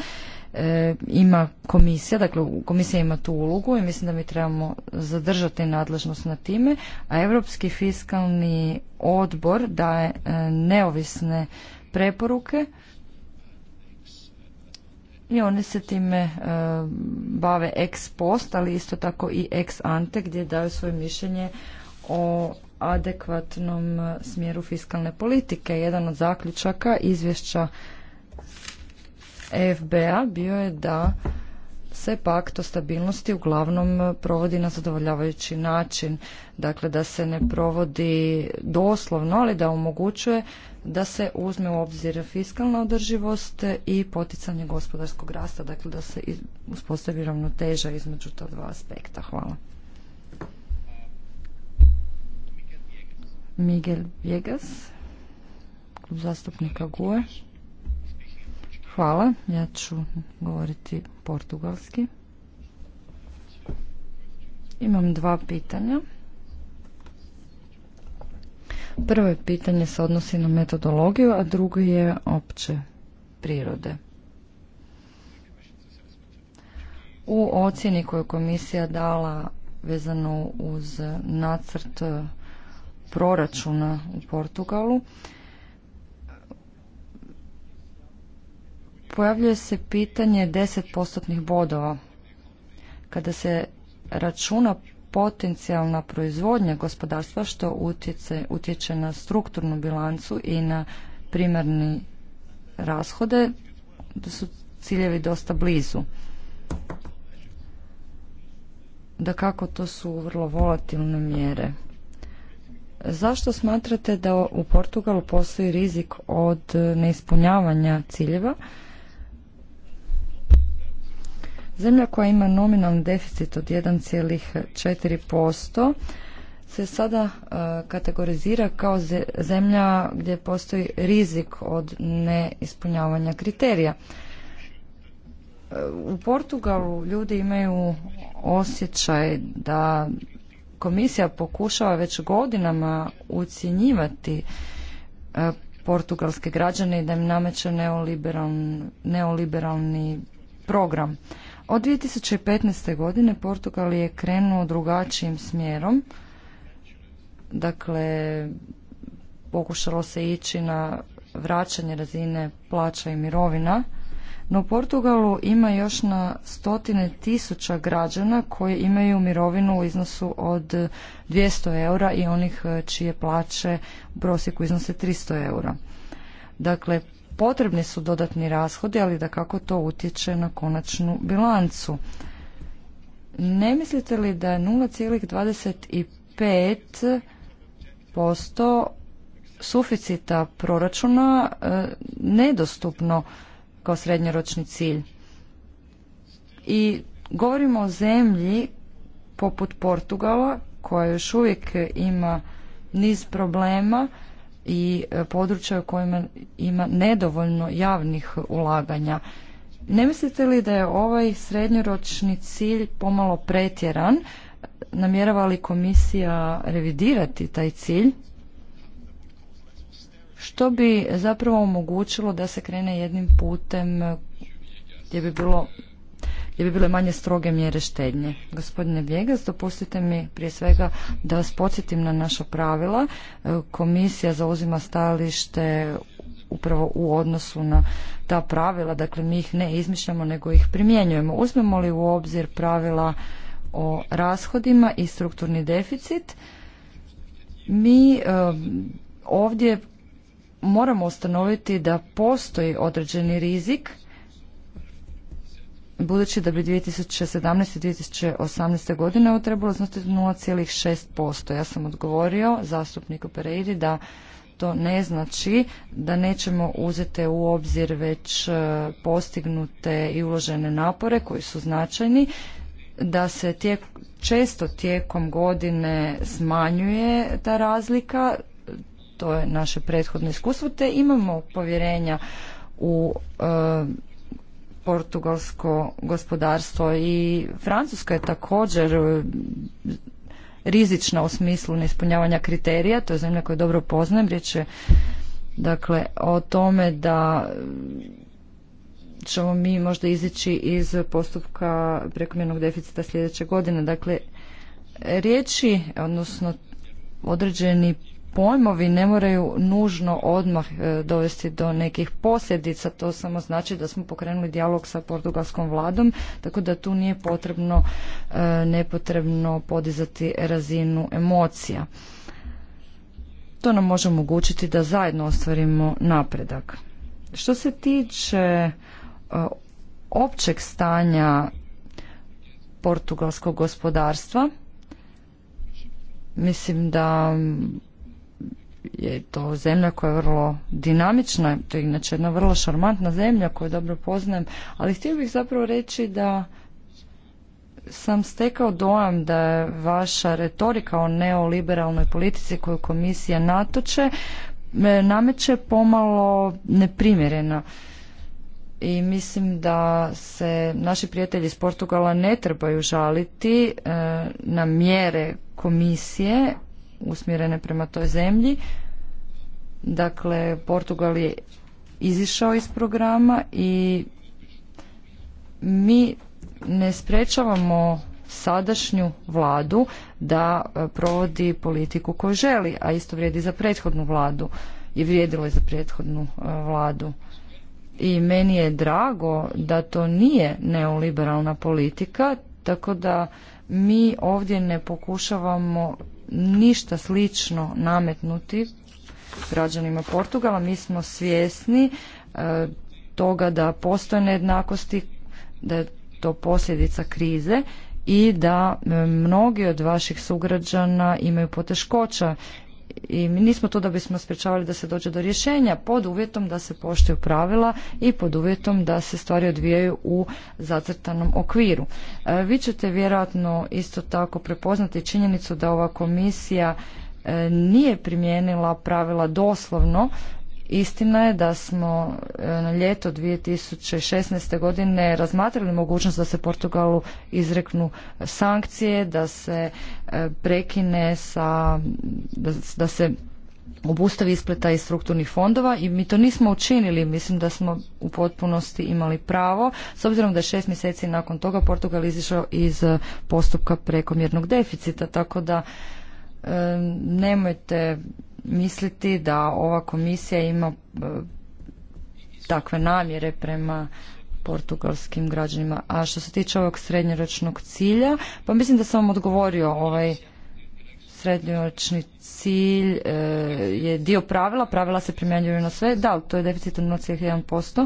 e, ima komisija, dakle komisija ima tu ulogu i mislim da mi trebamo zadržati nadležnost na time, a Europski fiskalni odbor daje e, neovisne preporuke i oni se time e, bave ex post, ali isto tako i ex ante gdje daju svoje mišljenje o adekvatnom e, smjeru fiskalne politike. Jedan od zaključaka izvješća FBA bio je da se pakt o stabilnosti uglavnom e, provodi na zadovoljavajući način. Dakle, da se ne provodi doslovno, ali da omogućuje da se uzme u obzir fiskalna održivost i poticanje gospodarskog rasta, dakle da se uspostavi ravnoteža između ta dva aspekta. Hvala. Miguel Viegas, klub zastupnika GUE. Hvala, ja ću govoriti portugalski. Imam dva pitanja. Prvo je pitanje se odnosi na metodologiju, a drugo je opće prirode. U ocjeni koju je komisija dala vezano uz nacrt proračuna u Portugalu, pojavljuje se pitanje 10 postotnih bodova. Kada se računa potencijalna proizvodnja gospodarstva što utjece, utječe na strukturnu bilancu i na primarni rashode, da su ciljevi dosta blizu. Da kako to su vrlo volatilne mjere. Zašto smatrate da u Portugalu postoji rizik od neispunjavanja ciljeva? Zemlja koja ima nominalni deficit od 1,4% se sada e, kategorizira kao zemlja gdje postoji rizik od neispunjavanja kriterija. E, u Portugalu ljudi imaju osjećaj da komisija pokušava već godinama ucjenjivati e, portugalske građane i da im nameće neoliberalni program. Od 2015. godine Portugal je krenuo drugačijim smjerom. Dakle, pokušalo se ići na vraćanje razine plaća i mirovina. No u Portugalu ima još na stotine tisuća građana koji imaju mirovinu u iznosu od 200 eura i onih eh, čije plaće u prosjeku iznose 300 eura. Dakle, potrebni su dodatni rashodi, ali da kako to utječe na konačnu bilancu. Ne mislite li da je 0,25% suficita proračuna e, nedostupno kao srednjoročni cilj? I govorimo o zemlji poput Portugala koja još uvijek ima niz problema i e, područja u kojima ima nedovoljno javnih ulaganja. Ne mislite li da je ovaj srednjoročni cilj pomalo pretjeran? Namjerava li komisija revidirati taj cilj? Što bi zapravo omogućilo da se krene jednim putem gdje bi bilo gdje bi bile manje stroge mjere štednje. Gospodine Vjegas, dopustite mi prije svega da vas podsjetim na naša pravila. E, komisija zauzima stajalište upravo u odnosu na ta pravila, dakle mi ih ne izmišljamo nego ih primjenjujemo. Uzmemo li u obzir pravila o rashodima i strukturni deficit, mi e, ovdje moramo ustanoviti da postoji određeni rizik budući da bi 2017. i 2018. godine ovo trebalo nulašest 0,6%. Ja sam odgovorio zastupniku Pereiri da to ne znači da nećemo uzeti u obzir već e, postignute i uložene napore koji su značajni, da se tijek, često tijekom godine smanjuje ta razlika, to je naše prethodno iskustvo, te imamo povjerenja u e, portugalsko gospodarstvo i Francuska je također e, rizična u smislu neispunjavanja kriterija, to je zemlja koju dobro poznajem, riječ je dakle o tome da e, ćemo mi možda izići iz postupka prekomjernog deficita sljedeće godine. Dakle, riječi, odnosno određeni pojmovi ne moraju nužno odmah e, dovesti do nekih posljedica, to samo znači da smo pokrenuli dijalog sa portugalskom vladom, tako da tu nije potrebno e, nepotrebno podizati razinu emocija. To nam može omogućiti da zajedno ostvarimo napredak. Što se tiče e, općeg stanja portugalskog gospodarstva, mislim da je to zemlja koja je vrlo dinamična, to je inače jedna vrlo šarmantna zemlja koju dobro poznajem, ali htio bih zapravo reći da sam stekao dojam da je vaša retorika o neoliberalnoj politici koju komisija natoče e, nameće pomalo neprimjerena i mislim da se naši prijatelji iz Portugala ne trebaju žaliti e, na mjere komisije usmjerene prema toj zemlji. Dakle, Portugal je izišao iz programa i mi ne sprečavamo sadašnju vladu da e, provodi politiku koju želi, a isto vrijedi za prethodnu vladu i vrijedilo je za prethodnu e, vladu. I meni je drago da to nije neoliberalna politika, tako da mi ovdje ne pokušavamo ništa slično nametnuti građanima Portugala. Mi smo svjesni e, toga da postoje nejednakosti, da je to posljedica krize i da e, mnogi od vaših sugrađana imaju poteškoća i mi nismo tu da bismo sprečavali da se dođe do rješenja pod uvjetom da se poštuju pravila i pod uvjetom da se stvari odvijaju u zacrtanom okviru. E, vi ćete vjerojatno isto tako prepoznati činjenicu da ova komisija e, nije primijenila pravila doslovno Istina je da smo e, na ljeto 2016. godine razmatrali mogućnost da se Portugalu izreknu sankcije, da se e, prekine sa, da se obustavi ispleta iz strukturnih fondova i mi to nismo učinili. Mislim da smo u potpunosti imali pravo. S obzirom da je šest mjeseci nakon toga Portugal izišao iz postupka prekomjernog deficita. Tako da e, nemojte misliti da ova komisija ima e, takve namjere prema portugalskim građanima. A što se tiče ovog srednjoročnog cilja, pa mislim da sam vam odgovorio ovaj srednjoročni cilj e, je dio pravila, pravila se primjenjuju na sve, da, to je deficit od 0,1%.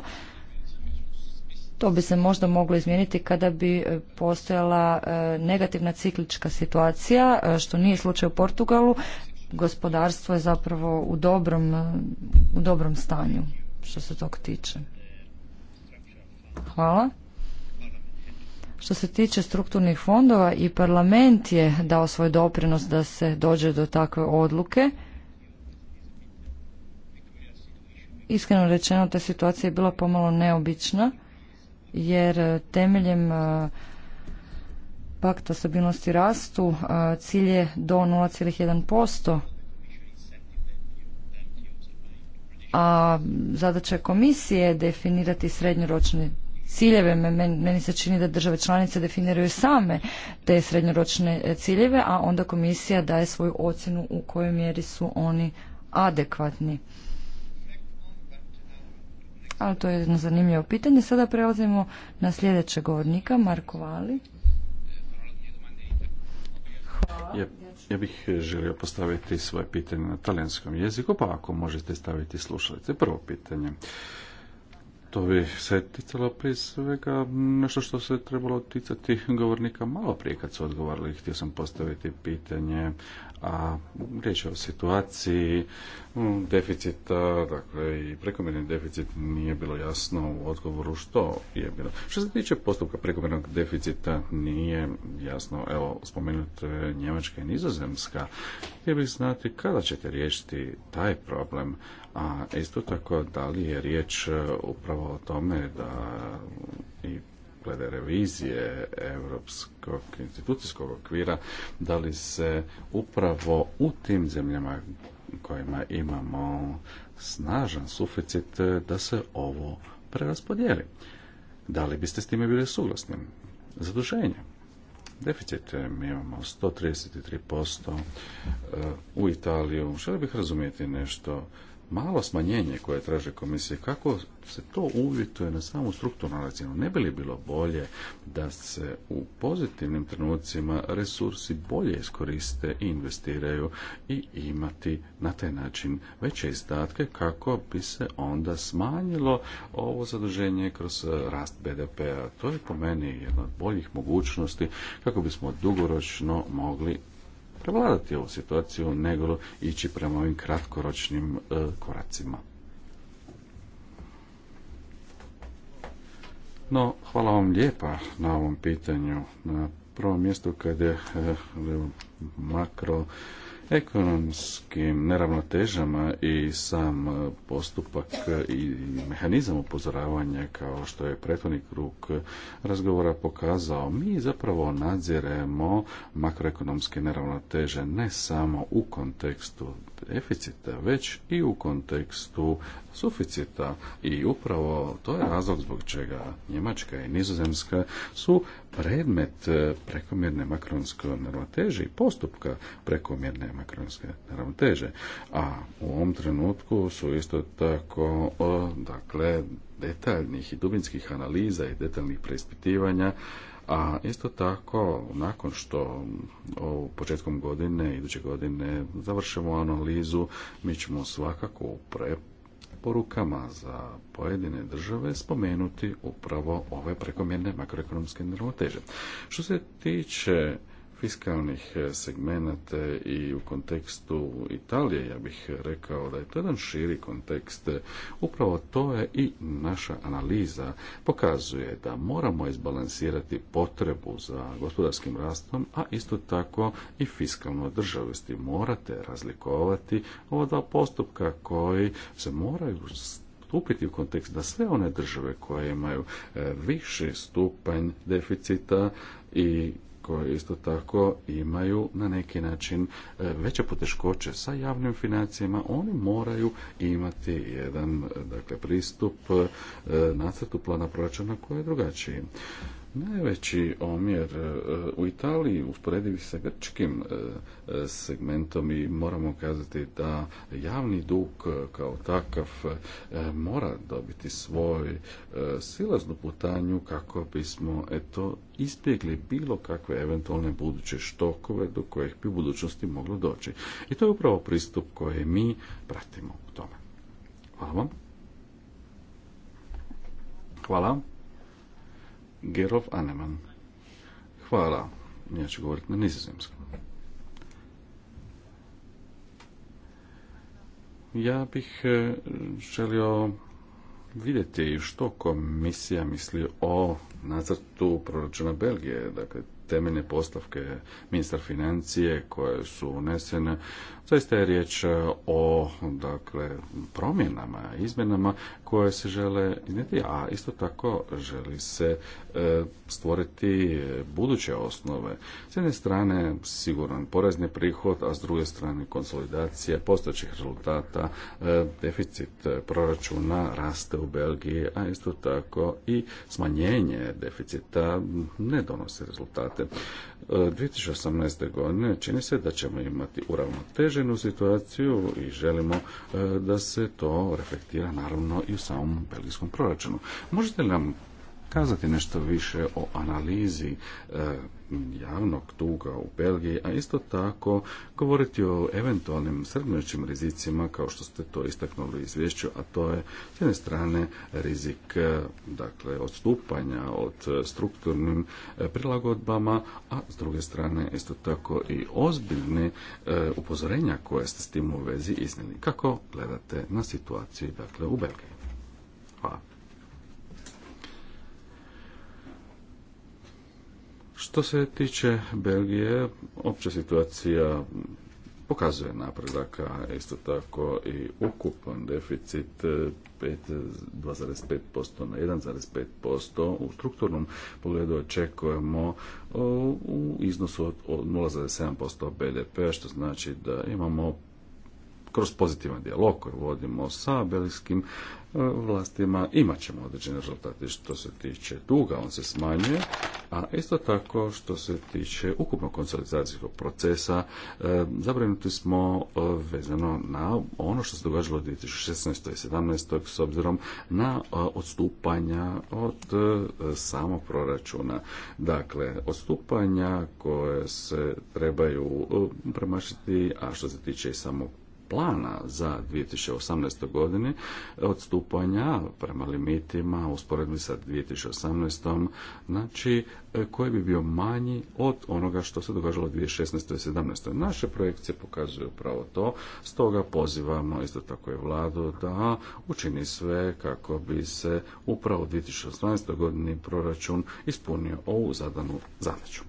To bi se možda moglo izmijeniti kada bi e, postojala negativna ciklička situacija, što nije slučaj u Portugalu, gospodarstvo je zapravo u dobrom, u dobrom stanju što se tog tiče. Hvala. Što se tiče strukturnih fondova i parlament je dao svoj doprinos da se dođe do takve odluke. Iskreno rečeno, ta situacija je bila pomalo neobična, jer temeljem pakta stabilnosti rastu, cilj je do 0,1%, a zadaća komisije je definirati srednjoročne ciljeve. Meni se čini da države članice definiraju same te srednjoročne e, ciljeve, a onda komisija daje svoju ocjenu u kojoj mjeri su oni adekvatni. Ali to je jedno zanimljivo pitanje. Sada prelazimo na sljedećeg govornika, Marko Vali. Ja, ja bih eh, želio postaviti svoje pitanje na talijanskom jeziku, pa ako možete staviti slušalice. Prvo pitanje. To bi se ticalo prije svega nešto što se trebalo ticati govornika malo prije kad su odgovarali. Htio sam postaviti pitanje, a riječ je o situaciji mm, deficita, dakle i prekomjerni deficit nije bilo jasno u odgovoru što je bilo. Što se tiče postupka prekomjernog deficita nije jasno, evo spomenuti Njemačka i Nizozemska. Htio bih znati kada ćete riješiti taj problem, a isto tako, da li je riječ e, upravo o tome da i glede revizije Europskog institucijskog okvira, da li se upravo u tim zemljama kojima imamo snažan suficit, e, da se ovo preraspodijeli. Da li biste s time bili suglasni? Zaduženje. Deficit e, mi imamo 133% u Italiju. Želio bih razumjeti nešto malo smanjenje koje traže komisije, kako se to uvjetuje na samu strukturnu razinu? Ne bi li bilo bolje da se u pozitivnim trenucima resursi bolje iskoriste i investiraju i imati na taj način veće izdatke kako bi se onda smanjilo ovo zaduženje kroz rast BDP-a? To je po meni jedna od boljih mogućnosti kako bismo dugoročno mogli prevladati ovu situaciju nego ići prema ovim kratkoročnim e, koracima. No, hvala vam lijepa na ovom pitanju. Na prvom mjestu kad je e, makro ekonomskim neravnotežama i sam e, postupak e, i mehanizam upozoravanja kao što je prethodni krug razgovora pokazao, mi zapravo nadziremo makroekonomske neravnoteže ne samo u kontekstu deficita, već i u kontekstu suficita. I upravo to je razlog zbog čega Njemačka i Nizozemska su predmet e, prekomjerne makronske neravnoteže i postupka prekomjerne makronske neravnoteže. A u ovom trenutku su isto tako e, dakle detaljnih i dubinskih analiza i detaljnih preispitivanja a isto tako, nakon što u početkom godine, iduće godine, završimo analizu, mi ćemo svakako u preporukama za pojedine države spomenuti upravo ove prekomjerne makroekonomske neravnoteže. Što se tiče fiskalnih e, segmenata i u kontekstu Italije, ja bih rekao da je to jedan širi kontekst. Upravo to je i naša analiza pokazuje da moramo izbalansirati potrebu za gospodarskim rastom, a isto tako i fiskalno sti Morate razlikovati ova dva postupka koji se moraju stupiti u kontekst da sve one države koje imaju e, viši stupanj deficita i koje isto tako imaju na neki način e, veće poteškoće sa javnim financijama, oni moraju imati jedan dakle, pristup e, nacrtu plana proračuna koji je drugačiji. Najveći omjer e, u Italiji usporedivi sa grčkim e, e, segmentom i moramo kazati da javni dug kao takav mora dobiti svoj silaznu putanju kako bismo eto izbjegli bilo kakve eventualne buduće štokove do kojih bi u budućnosti moglo doći. I to je upravo pristup koji mi pratimo u tome. Hvala vam. Hvala. Gerov Aneman. Hvala. Ja ću govoriti na nizozemskom. Ja bih e, želio vidjeti što komisija misli o nacrtu proračuna Belgije. Dakle, temeljne postavke ministra financije koje su unesene Zaista je riječ e, o dakle, promjenama, izmjenama koje se žele iznijeti, a isto tako želi se e, stvoriti buduće osnove. S jedne strane siguran porezni prihod, a s druge strane konsolidacija postojećih rezultata, e, deficit proračuna raste u Belgiji, a isto tako i smanjenje deficita ne donosi rezultate. 2018. godine čini se da ćemo imati uravnoteženu situaciju i želimo e, da se to reflektira naravno i u samom belgijskom proračunu. Možete li nam kazati nešto više o analizi e, javnog duga u Belgiji, a isto tako govoriti o eventualnim srednjećim rizicima kao što ste to istaknuli u izvješću, a to je s jedne strane rizik e, dakle odstupanja od strukturnim e, prilagodbama, a s druge strane isto tako i ozbiljne upozorenja koje ste s tim u vezi iznijeli. Kako gledate na situaciju dakle u Belgiji? Hvala. Što se tiče Belgije, opća situacija pokazuje napredak, a isto tako i ukupan deficit 2,5% e, na 1,5%. U strukturnom pogledu očekujemo e, u iznosu od 0,7% BDP, što znači da imamo kroz pozitivan dijalog koji vodimo sa belgijskim E, vlastima imat ćemo određene rezultate što se tiče duga, on se smanjuje, a isto tako što se tiče ukupnog konsolidacijskog procesa, e, zabrinuti smo e, vezano na ono što se događalo u 2016. i 2017. s obzirom na odstupanja od samog proračuna. Dakle, odstupanja koje se trebaju premašiti, a što se tiče i samog plana za 2018. godine odstupanja prema limitima usporedbi sa 2018. znači e, koji bi bio manji od onoga što se događalo 2016. i 2017. Naše projekcije pokazuju upravo to, stoga pozivamo isto tako i vladu da učini sve kako bi se upravo u 2018. godini proračun ispunio ovu zadanu zadaću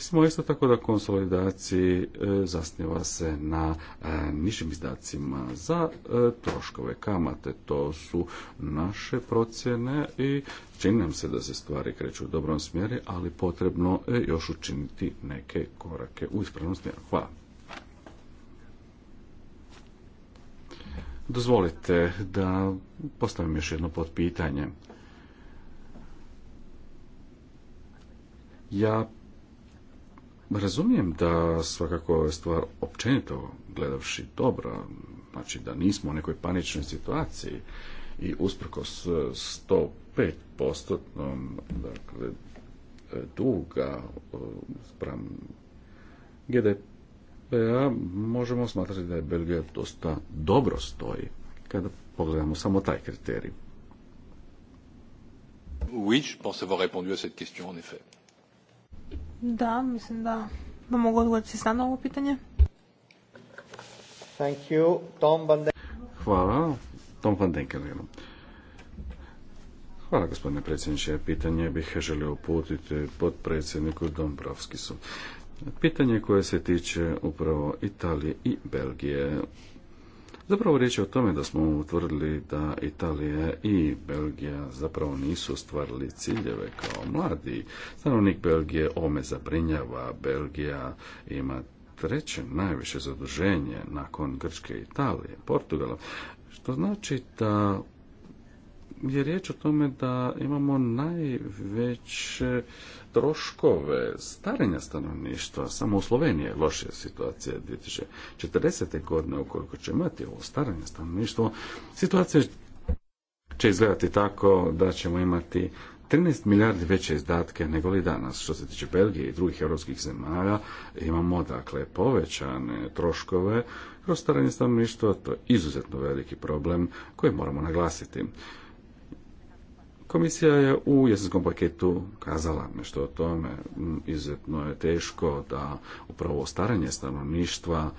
smo isto tako da konsolidaciji e, zasniva se na e, nižim izdacima za e, troškove kamate. To su naše procjene i čini nam se da se stvari kreću u dobrom smjeru, ali potrebno još učiniti neke korake u ispravnom smjeru. Hvala. Dozvolite da postavim još jedno potpitanje. Ja Razumijem da svakako je stvar općenito gledavši dobro, znači da nismo u nekoj paničnoj situaciji i usprkos 105 postotnom dakle, duga spram gdp p-a, možemo smatrati da je Belgija dosta dobro stoji kada pogledamo samo taj kriterij. Oui, je pense avoir répondu à cette question en effet. Da, mislim da vam mogu odgovoriti sada na ovo pitanje. Thank you. Tom van Hvala. Tom van Hvala gospodine predsjedniče. Pitanje bih želio uputiti potpredsjedniku Dombrovskisu. Pitanje koje se tiče upravo Italije i Belgije Zapravo riječ je o tome da smo utvrdili da Italija i Belgija zapravo nisu ostvarili ciljeve kao mladi. Stanovnik Belgije ome zabrinjava. Belgija ima treće najviše zaduženje nakon Grčke, Italije, Portugala, što znači da je riječ o tome da imamo najveće troškove starenja stanovništva. Samo u Sloveniji je lošija situacija 2040. godine, ukoliko ćemo imati ovo starenje stanovništvo, situacija će izgledati tako da ćemo imati 13 milijardi veće izdatke nego li danas. Što se tiče Belgije i drugih europskih zemalja, imamo dakle povećane troškove kroz staranje stanovništva, to je izuzetno veliki problem koji moramo naglasiti. Komisija je u jesenskom paketu kazala nešto o tome. Mm, izuzetno je teško da upravo staranje stanovništva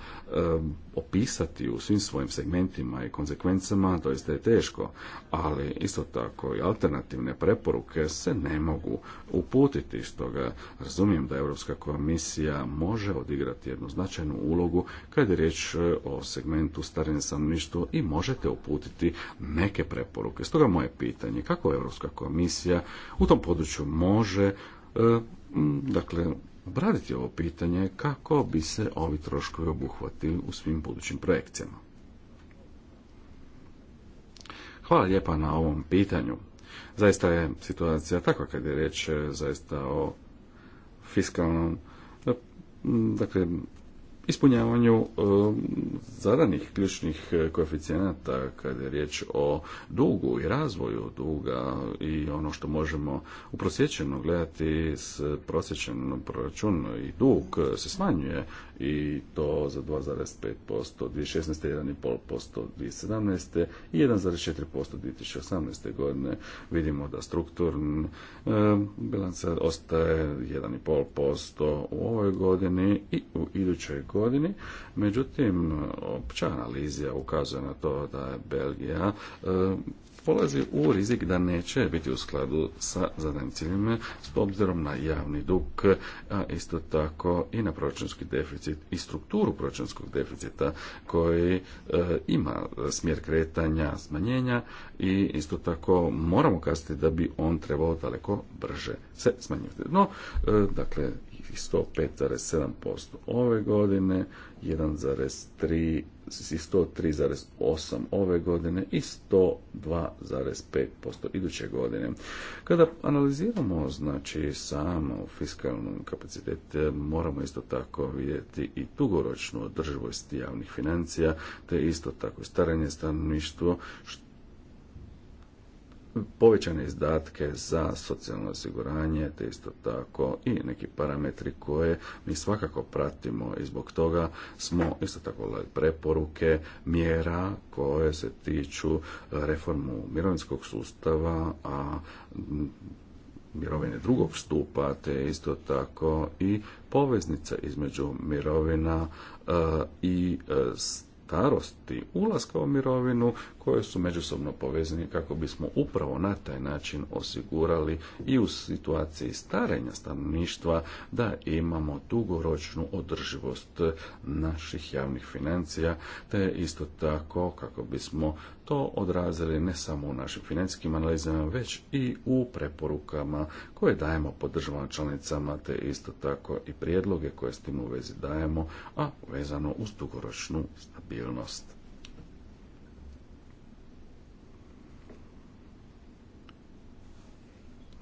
opisati u svim svojim segmentima i konsekvencama doista je teško, ali isto tako i alternativne preporuke se ne mogu uputiti, stoga razumijem da Europska komisija može odigrati jednu značajnu ulogu kad je riječ e, o segmentu starenja stanovništva i možete uputiti neke preporuke. Stoga moje pitanje kako Europska komisija u tom području može e, dakle obraditi ovo pitanje kako bi se ovi troškovi obuhvatili u svim budućim projekcijama. Hvala lijepa na ovom pitanju. Zaista je situacija takva kad je riječ eh, zaista o fiskalnom eh, dakle, ispunjavanju um, zadanih ključnih e, koeficijenata kada je riječ o dugu i razvoju duga i ono što možemo uprosječeno gledati s prosječan proračunom i dug se smanjuje i to za 2,5%, 2016. 1,5%, 2017. i 1,4% 2018. godine. Vidimo da strukturn e, bilanca ostaje 1,5% u ovoj godini i u idućoj godini. Međutim, opća analizija ukazuje na to da je Belgija e, polazi u rizik da neće biti u skladu sa zadanim ciljima s obzirom na javni dug, a isto tako i na proračunski deficit i strukturu proračunskog deficita koji e, ima smjer kretanja smanjenja i isto tako moramo kazati da bi on trebao daleko brže se smanjiti. No, e, dakle, 105,7% ove godine, 1,3% 103,8 ove godine i 102,5% iduće godine. Kada analiziramo znači samo fiskalnu kapacitet, moramo isto tako vidjeti i dugoročnu održivost javnih financija, te isto tako staranje stanovništvo, što povećane izdatke za socijalno osiguranje, te isto tako i neki parametri koje mi svakako pratimo i zbog toga smo isto tako preporuke mjera koje se tiču e, reformu mirovinskog sustava, a mirovine drugog stupa, te isto tako i poveznica između mirovina e, i e, starosti, ulaska u mirovinu koje su međusobno povezani kako bismo upravo na taj način osigurali i u situaciji starenja stanovništva da imamo dugoročnu održivost naših javnih financija te isto tako kako bismo to odrazili ne samo u našim financijskim analizama, već i u preporukama koje dajemo po državama članicama, te isto tako i prijedloge koje s tim u vezi dajemo, a vezano uz dugoročnu stabilnost.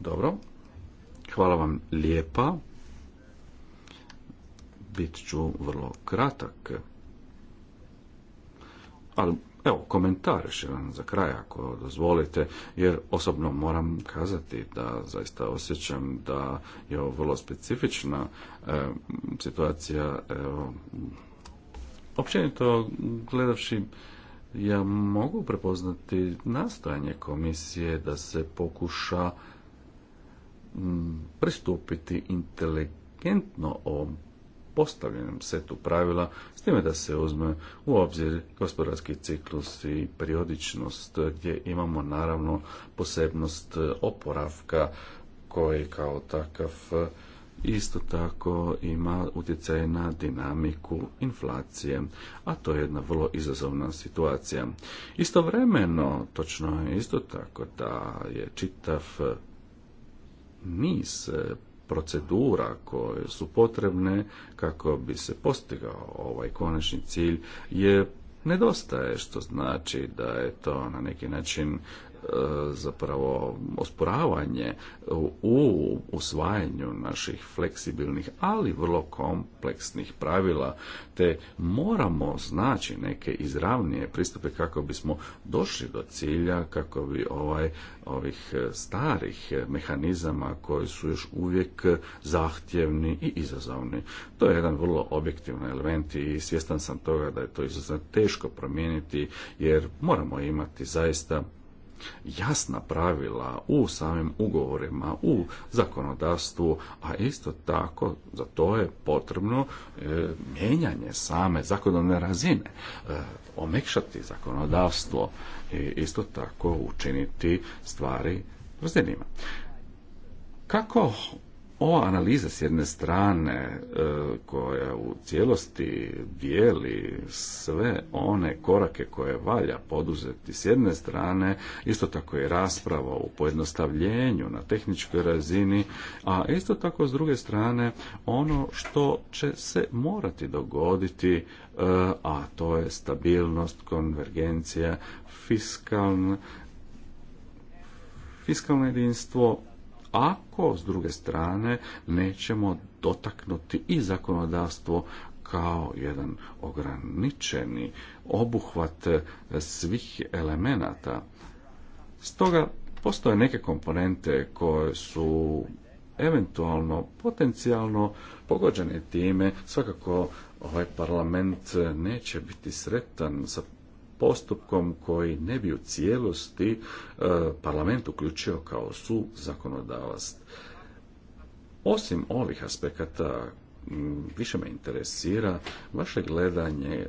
Dobro, hvala vam lijepa. Bit ću vrlo kratak, ali Evo, komentar još jedan za kraj, ako dozvolite, jer osobno moram kazati da zaista osjećam da je ovo vrlo specifična e, situacija. Evo, općenito gledavši, ja mogu prepoznati nastojanje komisije da se pokuša pristupiti inteligentno ovom postavljenom setu pravila s time da se uzme u obzir gospodarski ciklus i periodičnost gdje imamo naravno posebnost e, oporavka koji kao takav e, isto tako ima utjecaj na dinamiku inflacije, a to je jedna vrlo izazovna situacija. Istovremeno, točno je isto tako da je čitav e, niz procedura koje su potrebne kako bi se postigao ovaj konačni cilj je nedostaje, što znači da je to na neki način zapravo osporavanje u usvajanju naših fleksibilnih, ali vrlo kompleksnih pravila, te moramo znaći neke izravnije pristupe kako bismo došli do cilja, kako bi ovaj ovih starih mehanizama koji su još uvijek zahtjevni i izazovni. To je jedan vrlo objektivan element i svjestan sam toga da je to izuzetno teško promijeniti jer moramo imati zaista jasna pravila u samim ugovorima, u zakonodavstvu, a isto tako za to je potrebno e, mijenjanje same zakonodavne razine, e, omekšati zakonodavstvo i isto tako učiniti stvari razinima. Kako ova analiza s jedne strane e, koja u cijelosti dijeli sve one korake koje valja poduzeti s jedne strane, isto tako je rasprava u pojednostavljenju na tehničkoj razini, a isto tako s druge strane ono što će se morati dogoditi, e, a to je stabilnost, konvergencija, fiskalna fiskalno jedinstvo ako s druge strane nećemo dotaknuti i zakonodavstvo kao jedan ograničeni obuhvat svih elemenata. Stoga postoje neke komponente koje su eventualno potencijalno pogođene time svakako ovaj parlament neće biti sretan sa postupkom koji ne bi u cijelosti e, parlament uključio kao su zakonodavac. Osim ovih aspekata, više me interesira vaše gledanje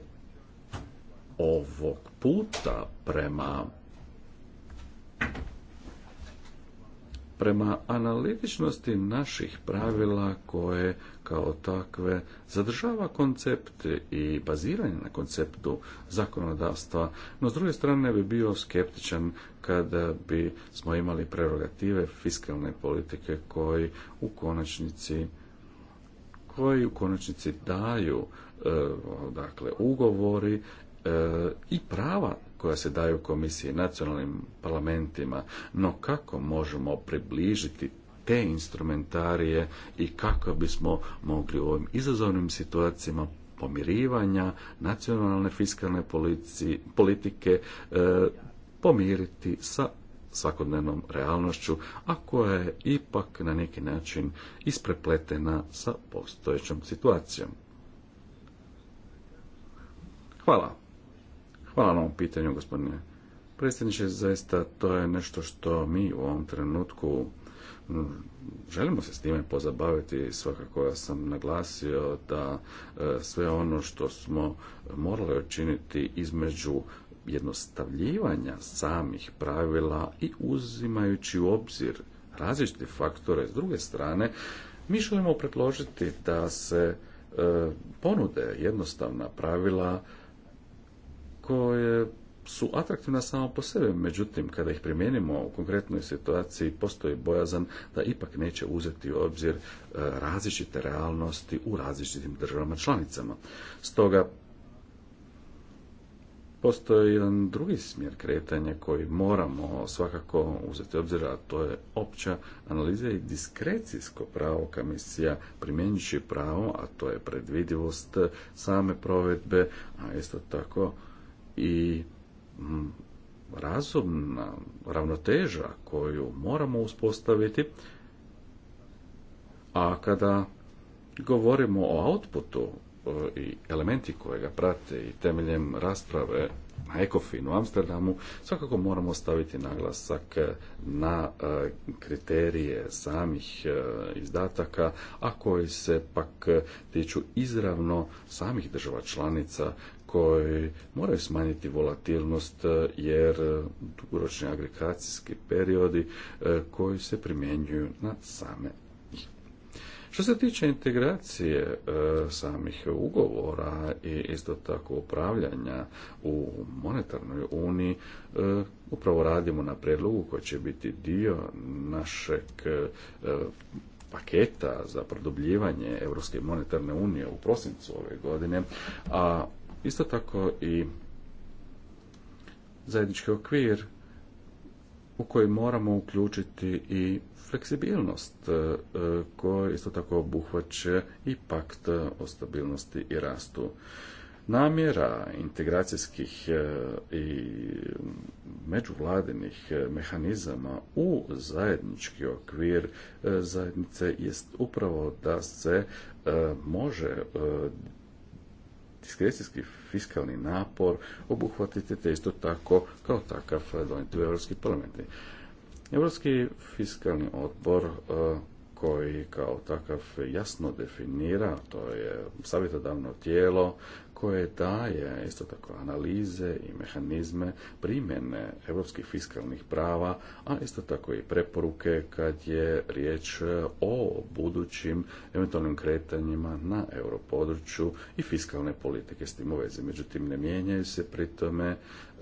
ovog puta prema prema analitičnosti naših pravila koje kao takve zadržava koncept i baziranje na konceptu zakonodavstva, no s druge strane bi bio skeptičan kada bi smo imali prerogative fiskalne politike koji u konačnici koji u konačnici daju e, dakle ugovori e, i prava koja se daju komisiji nacionalnim parlamentima, no kako možemo približiti te instrumentarije i kako bismo mogli u ovim izazovnim situacijama pomirivanja nacionalne fiskalne politike e, pomiriti sa svakodnevnom realnošću, a koja je ipak na neki način isprepletena sa postojećom situacijom. Hvala. Hvala na ovom pitanju, gospodine predsjedniče. Zaista to je nešto što mi u ovom trenutku želimo se s time pozabaviti. Svakako ja sam naglasio da e, sve ono što smo morali učiniti između jednostavljivanja samih pravila i uzimajući u obzir različite faktore s druge strane, mi želimo predložiti da se e, ponude jednostavna pravila koje su atraktivna samo po sebi, međutim kada ih primijenimo u konkretnoj situaciji postoji bojazan da ipak neće uzeti u obzir e, različite realnosti u različitim državama članicama. Stoga postoji jedan drugi smjer kretanja koji moramo svakako uzeti obzir, a to je opća analiza i diskrecijsko pravo komisija primjenjući pravo, a to je predvidivost same provedbe, a isto tako i mm, razumna ravnoteža koju moramo uspostaviti, a kada govorimo o outputu e, i elementi koje ga prate i temeljem rasprave na ECOFIN u Amsterdamu, svakako moramo staviti naglasak na e, kriterije samih e, izdataka, a koji se pak tiču izravno samih država članica koji moraju smanjiti volatilnost e, jer e, dugoročni agregacijski periodi e, koji se primjenjuju na same što se tiče integracije samih ugovora i isto tako upravljanja u monetarnoj uniji, upravo radimo na predlogu koji će biti dio našeg paketa za produbljivanje Europske monetarne unije u prosincu ove godine, a Isto tako i zajednički okvir u koji moramo uključiti i fleksibilnost e, koja isto tako obuhvaće i pakt o stabilnosti i rastu. Namjera integracijskih e, i međuvladinih e, mehanizama u zajednički okvir zajednice jest upravo da se može diskrecijski fiskalni napor obuhvatiti te isto tako kao takav donijeti u Europski parlament. Europski fiskalni odbor e, koji kao takav jasno definira, to je savjetodavno tijelo koje daje isto tako analize i mehanizme primjene europskih fiskalnih prava, a isto tako i preporuke kad je riječ o budućim eventualnim kretanjima na europodručju i fiskalne politike s tim u vezi. Međutim, ne mijenjaju se pri tome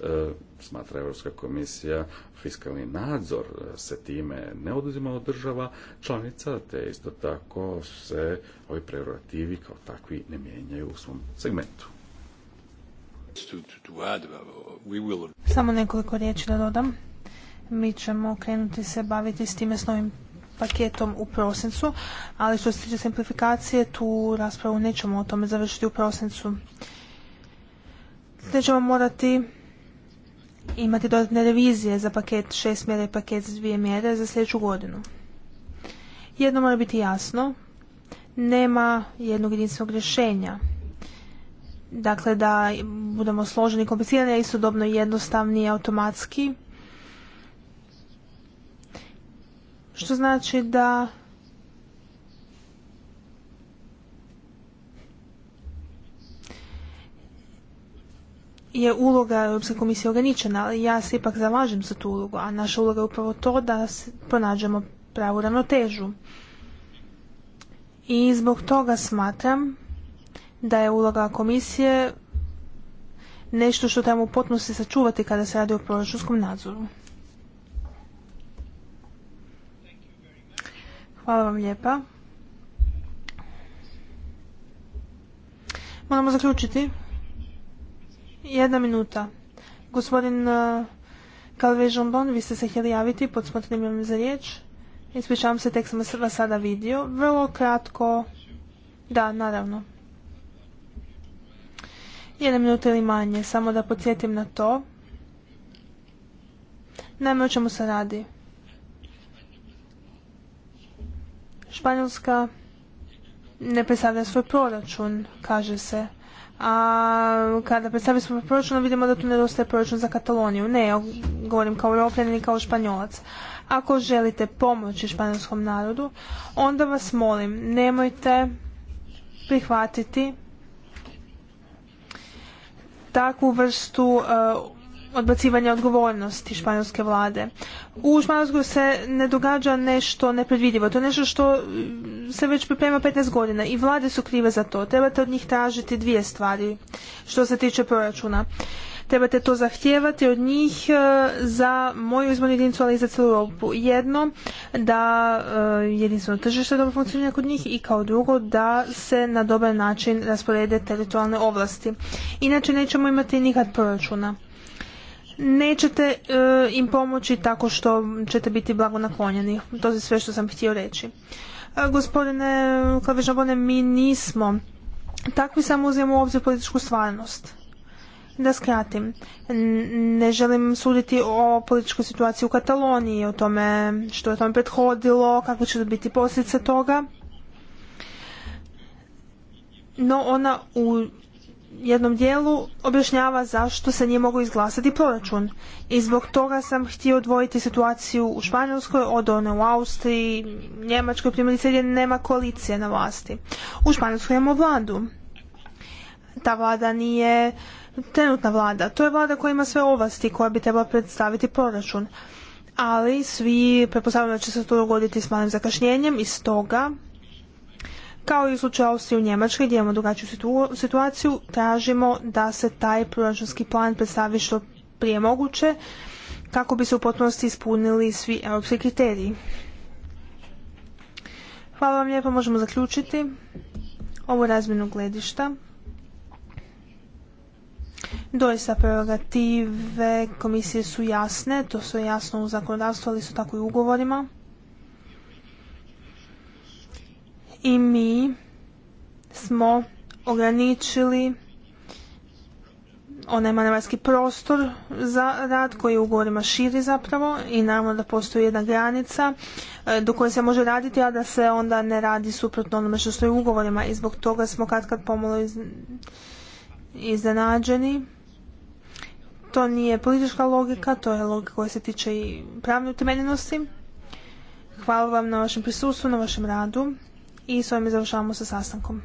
E, smatra Europska komisija, fiskalni nadzor e, se time ne oduzima od država članica, te isto tako se ovi prerogativi kao takvi ne mijenjaju u svom segmentu. Uh, Samo nekoliko riječi da dodam. Mi ćemo krenuti se baviti s time s novim paketom u prosincu, ali što se tiče simplifikacije, tu raspravu nećemo o tome završiti u prosincu. Nećemo ćemo morati imati dodatne revizije za paket šest mjera i paket 2 dvije mjere za sljedeću godinu. Jedno mora biti jasno, nema jednog jedinstvenog rješenja. Dakle, da budemo složeni i komplicirani, a jednostavni i automatski. Što znači da je uloga Europske komisije ograničena, ali ja se ipak zalažem za tu ulogu, a naša uloga je upravo to da pronađemo pravu ravnotežu. I zbog toga smatram da je uloga komisije nešto što trebamo u se sačuvati kada se radi o proračunskom nadzoru. Hvala vam lijepa. Moramo zaključiti. Jedna minuta. Gospodin Kalve uh, Žombon, vi ste se htjeli javiti pod vam za riječ. Ispričavam se, tek sam vas sada vidio. Vrlo kratko. Da, naravno. Jedna minuta ili manje, samo da podsjetim na to. Naime, o čemu se radi? Španjolska ne predstavlja svoj proračun, kaže se a kada predstavili smo proračun vidimo da tu nedostaje proračun za Kataloniju. Ne, ja govorim kao europljanin i kao španjolac. Ako želite pomoći španjolskom narodu, onda vas molim, nemojte prihvatiti takvu vrstu e, odbacivanja odgovornosti španjolske vlade. U Španjolskoj se ne događa nešto nepredvidivo. To je nešto što e, se već priprema 15 godina i vlade su krive za to. Trebate od njih tražiti dvije stvari što se tiče proračuna. Trebate to zahtijevati od njih e, za moju izbornu jedinicu, ali i za celu Europu. Jedno, da e, jedinstveno tržište dobro funkcionira kod njih i kao drugo, da se na dobar način rasporede teritorijalne ovlasti. Inače nećemo imati nikad proračuna nećete e, im pomoći tako što ćete biti blago naklonjeni. To je sve što sam htio reći. E, gospodine Klavežabone, mi nismo takvi samo uzijemo u obzir političku stvarnost. Da skratim, ne želim suditi o političkoj situaciji u Kataloniji, o tome što je tome prethodilo, kako će biti posljedice toga. No ona u jednom dijelu objašnjava zašto se nije mogao izglasati proračun. I zbog toga sam htio odvojiti situaciju u Španjolskoj od one u Austriji, Njemačkoj primjerice gdje nema koalicije na vlasti. U Španjolskoj imamo vladu. Ta vlada nije trenutna vlada. To je vlada koja ima sve ovlasti koja bi trebala predstaviti proračun. Ali svi prepostavljamo da će se to dogoditi s malim zakašnjenjem i stoga kao i u slučaju Austrije u Njemačkoj gdje imamo drugačiju situaciju, tražimo da se taj proračunski plan predstavi što prije moguće kako bi se u potpunosti ispunili svi europski kriteriji. Hvala vam lijepo, možemo zaključiti ovu razmjenu gledišta. Doista prerogative komisije su jasne, to su jasno u zakonodavstvu, ali su tako i u ugovorima. i mi smo ograničili onaj manevarski prostor za rad koji je ugovorima širi zapravo i naravno da postoji jedna granica e, do koje se može raditi, a da se onda ne radi suprotno onome što stoji u ugovorima i zbog toga smo kad kad pomalo iznenađeni. To nije politička logika, to je logika koja se tiče i pravne utemeljenosti. Hvala vam na vašem prisustvu, na vašem radu i s ovim završavamo sa sastankom.